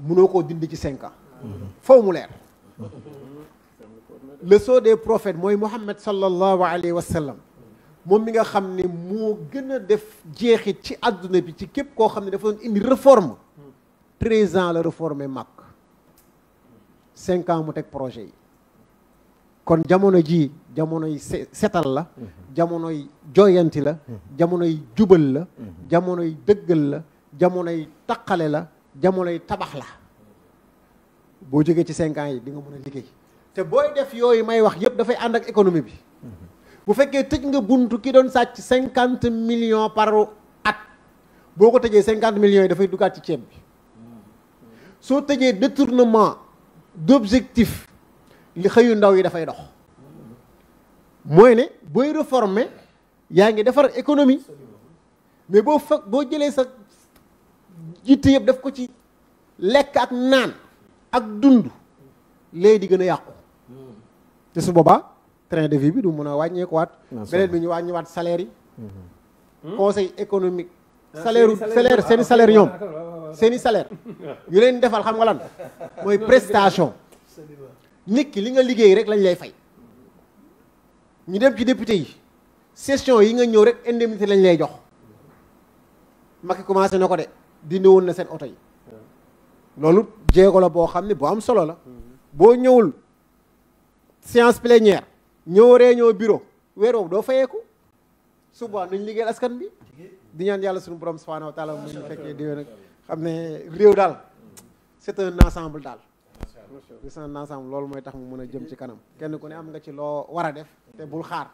mënoo koo dindi ci cinq ans faw mu leer le sceau des prophètes mooy Muhammad sallallahu alayhi wa sallam mi nga xam ne moo def jeexit ci àdduna bi ci képp koo xam dafa indi réforme treize ans la réformé màkk cinq ans mu teg projet kon jamono ji jamonoy setal la jamonoy joyanti la jamonoy jubal la jamonoy dëggal la jamonoy taqale la jamonoy tabax la boo jógee ci cinq ans yi di nga mën a liggéey te booy def yooyu may wax yëpp dafay ànd ak économie bi bu fekkee tëj nga buntu ki doon sàcc cinquante million par at boo ko tëjee cinquante millions yi dafay duggaat ci ceeb bi soo tëjee détournement d'objectif li xëyu ndaw yi dafay dox mooy ne booy réformer yaa ngi defar économie mais boo fekk boo jëlee sa jiite yëpp def ko ci lekk ak naan ak dund léegi di gën a yàqu te su boobaa train de vie bi du mën a wàññeekuwaat beneen bi ñu waat salaire yi mhm. conseil économique ah, salaire salaire seeni salaire ñoom ah, seeni salaire ñu leen defal xam nga lan mooy prestation nit ki li nga liggéey rek lañ lay fay ñu dem ci député yi session yi nga ñëw rek indemnité lañ lay jox Macky commencé na ko de dindi won na sen auto yi lolou jéego la bo xamni bo am solo la bo ñewul séance plénière ñew réunion bureau wéro do fayeku suba nuñ liggéel askan bi di ñaan yalla suñu borom subhanahu wa taala mu ñu fekkee di nag xam ne réew dal c'est un ensemble daal c'est un ensemble lolou moy tax mu mëna jëm ci kanam kenn ku ne am nga ci lo wara def té bul xaar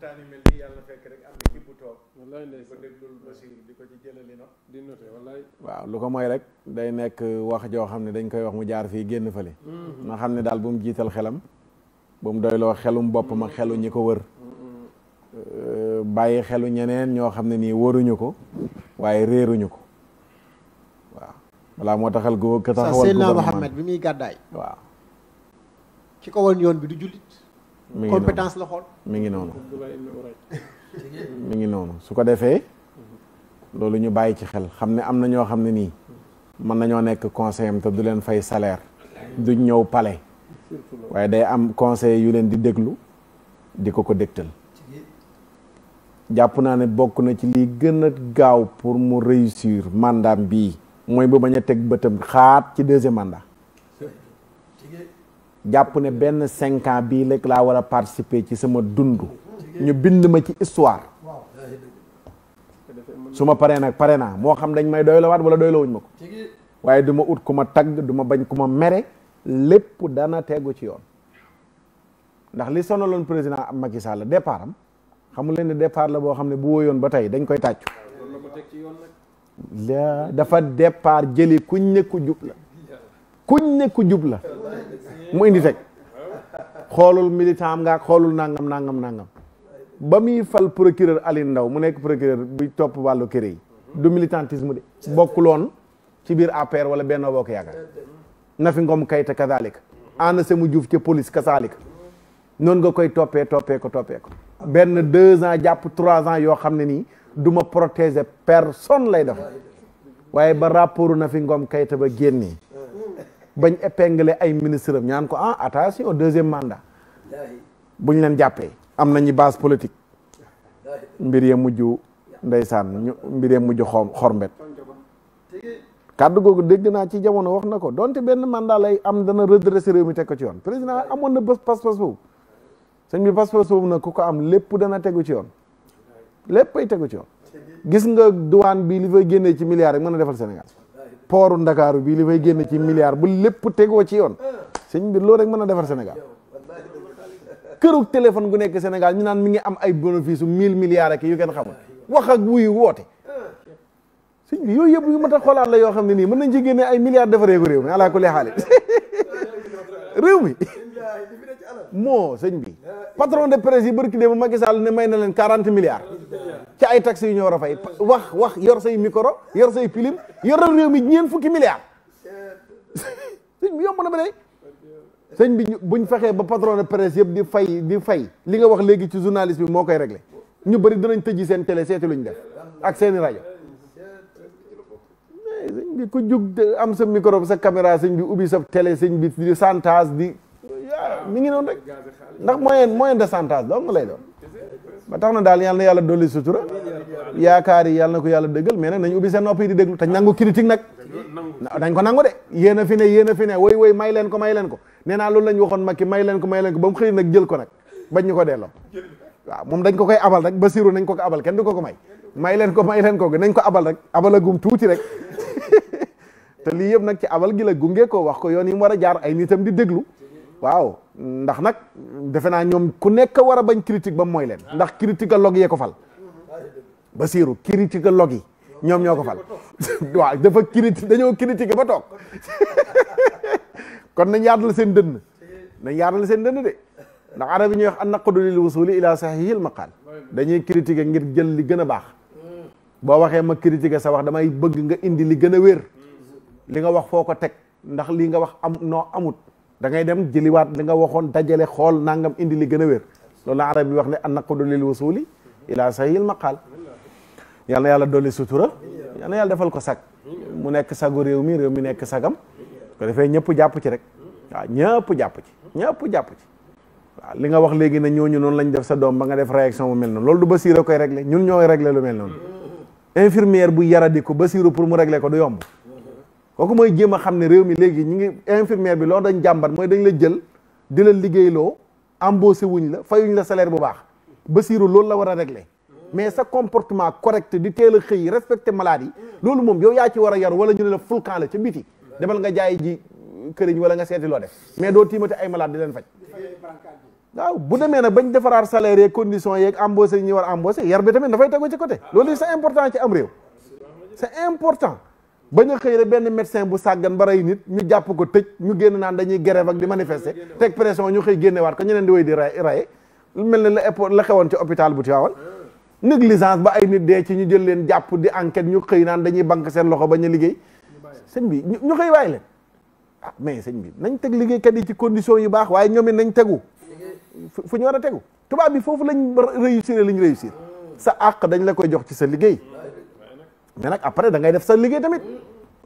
waxtaani mel ni yàlla fekk rek am na ci bu ko déglul Basiru di ko ci jëlali waaw lu ko mooy rek day nekk wax joo xam ne dañ koy wax mu jaar fii génn fële. Mm-hmm. na xam ne daal bu jiital xelam. bu mu doyloo xelum bopp ma xelu ñi ko wër. Mm-hmm. Euh, bàyyi xelu ñeneen ñoo xam ne nii wóoruñu ko waaye réeruñu ko waaw. voilà moo taxal góor ka taxawal gouvernement Seydina Mohamed bi muy gàddaay. waaw. mi ngi compétence mi ngi noonu. mi ngi noonu su ko defee. loolu ñu bàyyi ci xel xam ne am na ñoo xam ne nii. mën nañoo nekk conseil te du leen fay salaire. duñ ñëw pale waaye day am conseil yu leen di déglu. di ko ko dégtal. jàpp naa ne bokk na ci lii gën a gaaw pour mu réussir mandat bii. mooy bu bañ a teg bëtam xaat ci deuxième mandat. jàpp ne benn cinq ans bii rek laa war a participer ci sama dund ñu bind ma ci histoire su ma paree nag pare naa moo xam dañ may doy la waat wala doy la ma ko waaye du ma ut ku ma tagg du ma bañ ku ma mere lépp dana tegu ci yoon ndax li sonaloon président am Sall départ am xamul leen ne la boo xam ne bu woyoon ba tey dañ koy tàccu la dafa départ jëli kuñ ne ku jub la kuñ ne jub la mu indi teg xoolul militant am nga xoolul nangam nangam nangam ba muy fal procureur Alioune ndaw mu nekk procureur bi topp wàllu kër yi du militantisme de bokkuloon ci biir APR wala Benno Bokk Yaakaar na fi ngom kayta kazalik ana se mu juuf ca police kazalik noonu nga koy toppee toppee ko toppee ko benn deux ans jàpp trois ans yoo xam ne nii du ma protéger personne lay def waaye ba rapport na fi kayta ba génnee bañ épinglé ay ministre ñaan ko ah attention deuxième mandat bu ñu leen jàppee am nañu base politique mbir yee mujj ndeysaan ñu mbir yee mujj xom xormbet kàddu googu dégg naa ci jamono wax na ko donte benn mandat lay am dana redresser réew mi teg ci yoon président amoon na bés pas-pas boobu sëñ bi pas-pas boobu nag ku ko am lépp dana tegu ci yoon lépp ay tegu ci yoon gis nga douane bi li fay génnee ci milliards rek mën a defal Sénégal pooru ndakaaru bii li fay génn ci milliard bu lépp tegoo ci yoon sëñ bi loolu rek mën a defar Sénégal këru téléphone gu nekk Sénégal ñu naan mi ngi am ay bénéfice mille milliards ak yu kenn xamul wax ak wuy woote si bi yooyu yëpp yu mat tax xolaat la yoo xam ne nii mën nañ ci génne ay milliards defaree ko réew mi alaa kulli xaalis réew mi moo sëñ bi patron de presse yi barki démb Macky Sall ne may na leen quarante milliards ci ay taxes yu ñoo war a fay wax wax yor say micro yor say pilim yoral réew mi ñeent fukki milliards sëñ bi yomb na ba day sëñ bi buñ fexee ba patron de presse yëpp di fay di fay li nga wax léegi ci journaliste bi moo koy réglé ñu bëri dinañ tëjji seen télé seeti luñ def ak seeni rajo sëñ bi ku jug am sa micro sa caméra sëñ bi ubbi sa télé sëñ bi di santage di Ah, mi ngi noonu rek ndax mooy moyen de chantage dong lay doon ba tax na daal yàlla na yàlla dolli sutura yaakaar yi yàlla na ko yàlla dëggal mais nag nañ ubbi seen nopp di déglu te nangu critique nag dañ ko nangu de yéen a fi ne yéen a fi may leen ko may leen ko nee naa loolu la ñu waxoon Macky may leen ko may leen ko xëy nag jël ko nag bañ ñu ko delloo waaw moom dañ ko koy abal rek Basirou nañ ko ko abal kenn du ko ko may may leen ko may leen ko nañ ko abal rek abalagum tuuti rek te lii yëpp nag ci abal gi la gunge ko wax ko yoon yi mu war a jaar ay nitam di déglu Wow, ndax nak defe naa ñoom ku nekk war a bañ critique ba mooy leen ndax critique log yi ko fal Basiru critique logi, log yi ñoom ñoo ko fal waaw dafa critique dañoo critique ba toog kon nañ yaatal seen dënn nañ yaatal seen dënn de ndax arab yi ñuy wax an naqdu lil wusuli ila sahihi al maqal dañuy critique ngir jël li gën a baax boo waxee ma critique sa wax damay bëgg nga indi li gën a wér li nga wax foo ko ndax li nga wax am noo amut da ngay dem jeliwat li nga waxon dajale xol nangam indi li gëna wër wér loolu la arab yi wax ne an lil wusuli ila sahil maqal yalla yalla doli sutura yalla yalla defal ko sak mu nek sagu rew mi rew mi nek sagam ko defé ñepp japp ci rek waaw ñëpp ci ñepp japp ci li nga wax legi ne ñooñu non lañ def sa dom ba nga def réaction mu mel noonu loolu du basira koy régler ñun ñoy régler lu mel non infirmière bu Basiru pour mu régler ko du yomb kooku mooy jéem a xam ne réew mi léegi ñu ngi infirmière bi loolu dañ jàmbat mooy dañ la jël di la liggéeyloo embauché wuñ la fayuñ la salaire bu baax Basiru loolu la war a régler mais sa comportement correct di teel a xëy respecté malade yi loolu moom yow yaa ci war a yar wala ñu ne la fulkan la ca biti demal nga jaay ji këriñ wala nga seeti loo def mais doo tiimati ay malade di leen faj waaw bu demee nag bañ defaraat salaire yeeg condition yeeg embauché yi war a yar bi tamit dafay tegu ci côté loolu c'est important ci am réew c'est important bañ a xëy rek benn médecin bu sàggan ba rey nit ñu jàpp ko tëj ñu génn naan dañuy grève ak di manifester teg pression ñu xëy génnewaat ko ñeneen di wéy di ray raye mel ne la épo la xewoon ci hôpital bu Tivaouane négligence ba ay nit dee ci ñu jël leen jàpp di enquête ñu xëy naan dañuy banque seen loxo bañ a liggéey sëñ bi ñu xëy bàyyi leen ah mais sëñ bi nañ teg liggéeykat yi ci condition yi baax waaye ñoomi nañ tegu fu ñu war a tegu tubaab bi foofu lañ réussir lañ réussir sa àq dañ la koy jox ci sa liggéey mais nag après da ngay def sa liggéey tamit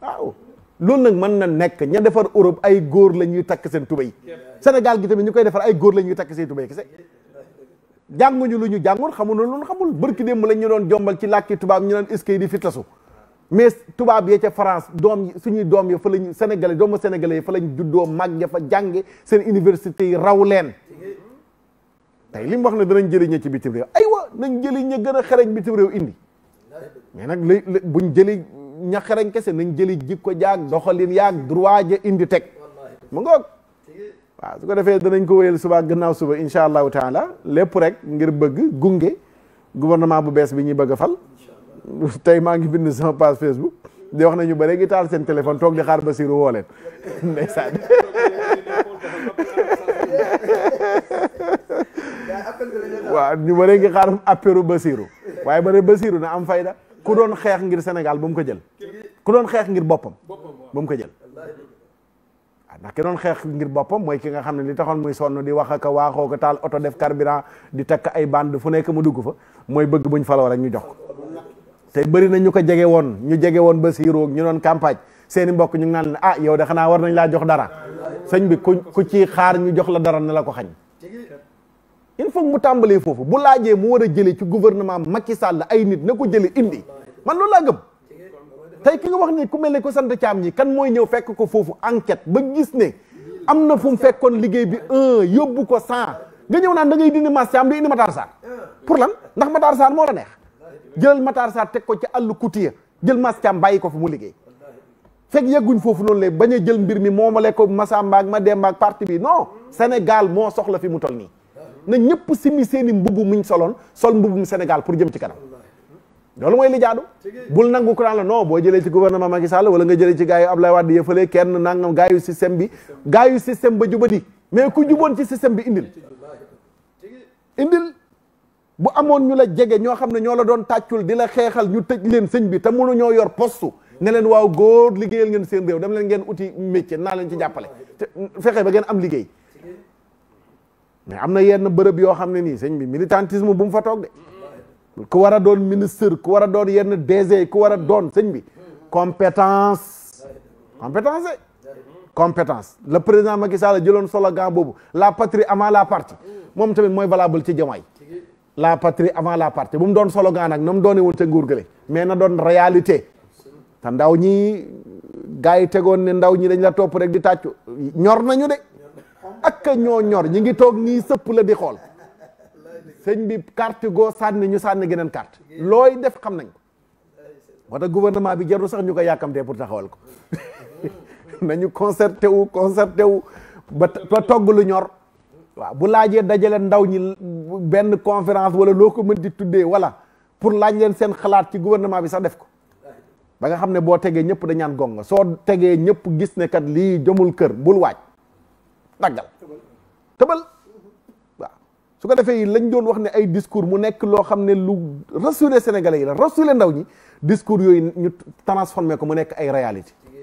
waaw loolu nag mën na nekk ña defar Europe ay góor la ñuy takk seen tubéy Sénégal gi tamit ñu koy defar ay góor la ñuy takk seen tubéy kese jànguñu lu ñu jàngul xamuñu lu ñu xamul barki démb la ñu doon jombal ci làkki tubaab ñu naan iskay di fitlasu mais tubaab yee ca France doom yi suñuy doom yi fa lañ sénégalais doomu senegal yi fa lañ juddoo mag ya fa jànge seen université yi raw leen tey li mu wax ne danañ jëriñee ci bitim réew aywa nañ jëriñ ña gën a xerañ bitim réew indi mais nag li buñ jëli ñaqarañ kese nañ jëli jikko jaag doxalin yaag droit ja indi teg mu ngoog waaw defee danañ ko wéyal suba gannaaw suba incha allahu taala lépp rek ngir bëgg gunge gouvernement bu bees bi ñuy bëgg a fal tey maa ngi bind sama page Facebook di wax ñu ba ngi taal seen téléphone toog di xaar Basiru woo leen waaw ñu ba léegi xaar apéro Basiru waaye ba ne na am fayda ku doon xeex ngir Sénégal ba mu ko jël ku doon xeex ngir boppam ba mu ko jël waaw ah, ndax ki doon xeex ngir boppam mooy ki nga xam ne li taxoon muy sonn di wax ak waaxoo ko taal oto def carburant di takk ay bande fu nekk mu dugg fa mooy bëgg buñ faloo rek ñu jox ko te bari na ñu ko jege woon ñu jege woon ba siiroog ñu doon campagne seeni mbokk ñu ngi naan ah yow de xanaa war nañ laa jox dara sëñ bi ku ku ci xaar ñu jox la dara ne la ko xañ il faut mu tàmbalee foofu bu laajee mu war a jëlee ci gouvernement Macky Sall ay nit na ko jële indi man loolu laa gëm tey ki nga wax nii ku mel ne ko sant caam ñi kan mooy ñëw fekk ko foofu enquête ba gis ne am na fu mu fekkoon liggéey bi un yóbbu ko cent nga ñëw naan da ngay dindi Mass Thiam di indi Matar Sarr pour lan ndax Matar Sarr moo la neex jël Matar Sarr teg ko ci àll kutiya jël Mass Thiam bàyyi ko fi mu liggéey fekk yegguñ foofu noonu lay bañ a jël mbir mi moomale ko Massamba ak Mademba ak parti bi non Sénégal moo soxla fi mu toll nii na ñëpp simi seeni mbubb muñ soloon sol mbubbum senegal pour jëm ci kanam loolu mooy li jaadu bul nangu courant la non boo jëlee ci gouvernement Macky Sall wala nga jëlee ci gars yu Ablaye Wade yëfale kenn nangam gars yu système bi gars yu système ba jubadi mais ku juboon ci système bi indil indil bu amoon ñu la jege ñoo xam ne ñoo la doon tàccul di la xeexal ñu tëj leen sëñ bi te mënu ñoo yor postu ne leen waaw góor liggéeyal ngeen seen réew dem leen ngeen uti métier naa leen ci jàppale fexe ba ngeen am liggéey mais yenn bërëb yo xamné ne bi militantisme bu fa de ku a ministre ku wara yenn DG ku wara doon bi compétence compétence compétence le président Macky Sall suis slogan bobu la patrie avant la partie mom tamit moy valable ci jamaay la patrie avant la partie bu mu doon slogan nag na mu doone mais na doon réalité ndaw ñi gaay tégon ne ñi dañ la top rek di ne ñor nañu de ak ñoo ñor ñi ngi toog nii sëpp la di xool sëñ bi carte goo sànni ñu sànni geneen carte looy def xam nañ ko moo tax gouvernement bi jarul sax ñu ko yàkkamtee pour taxawal ko nañu concerté wu wu ba ba togg lu ñor waaw bu laajee dajale ndaw ñi benn conférence wala loo ko mën di tuddee wala pour laaj leen seen xalaat ci gouvernement bi sax def ko ba nga xam ne boo tegee ñëpp dañaan gonga soo tegee ñëpp gis ne kat lii jëmul kër bul waaj daggal tëbal waaw su ko defee lañ doon wax ne ay discours mu nekk loo xam ne lu rassuré sénégalais yi la rassuré ndaw ñi discours yooyu ñu transformé ko mu nekk ay réalité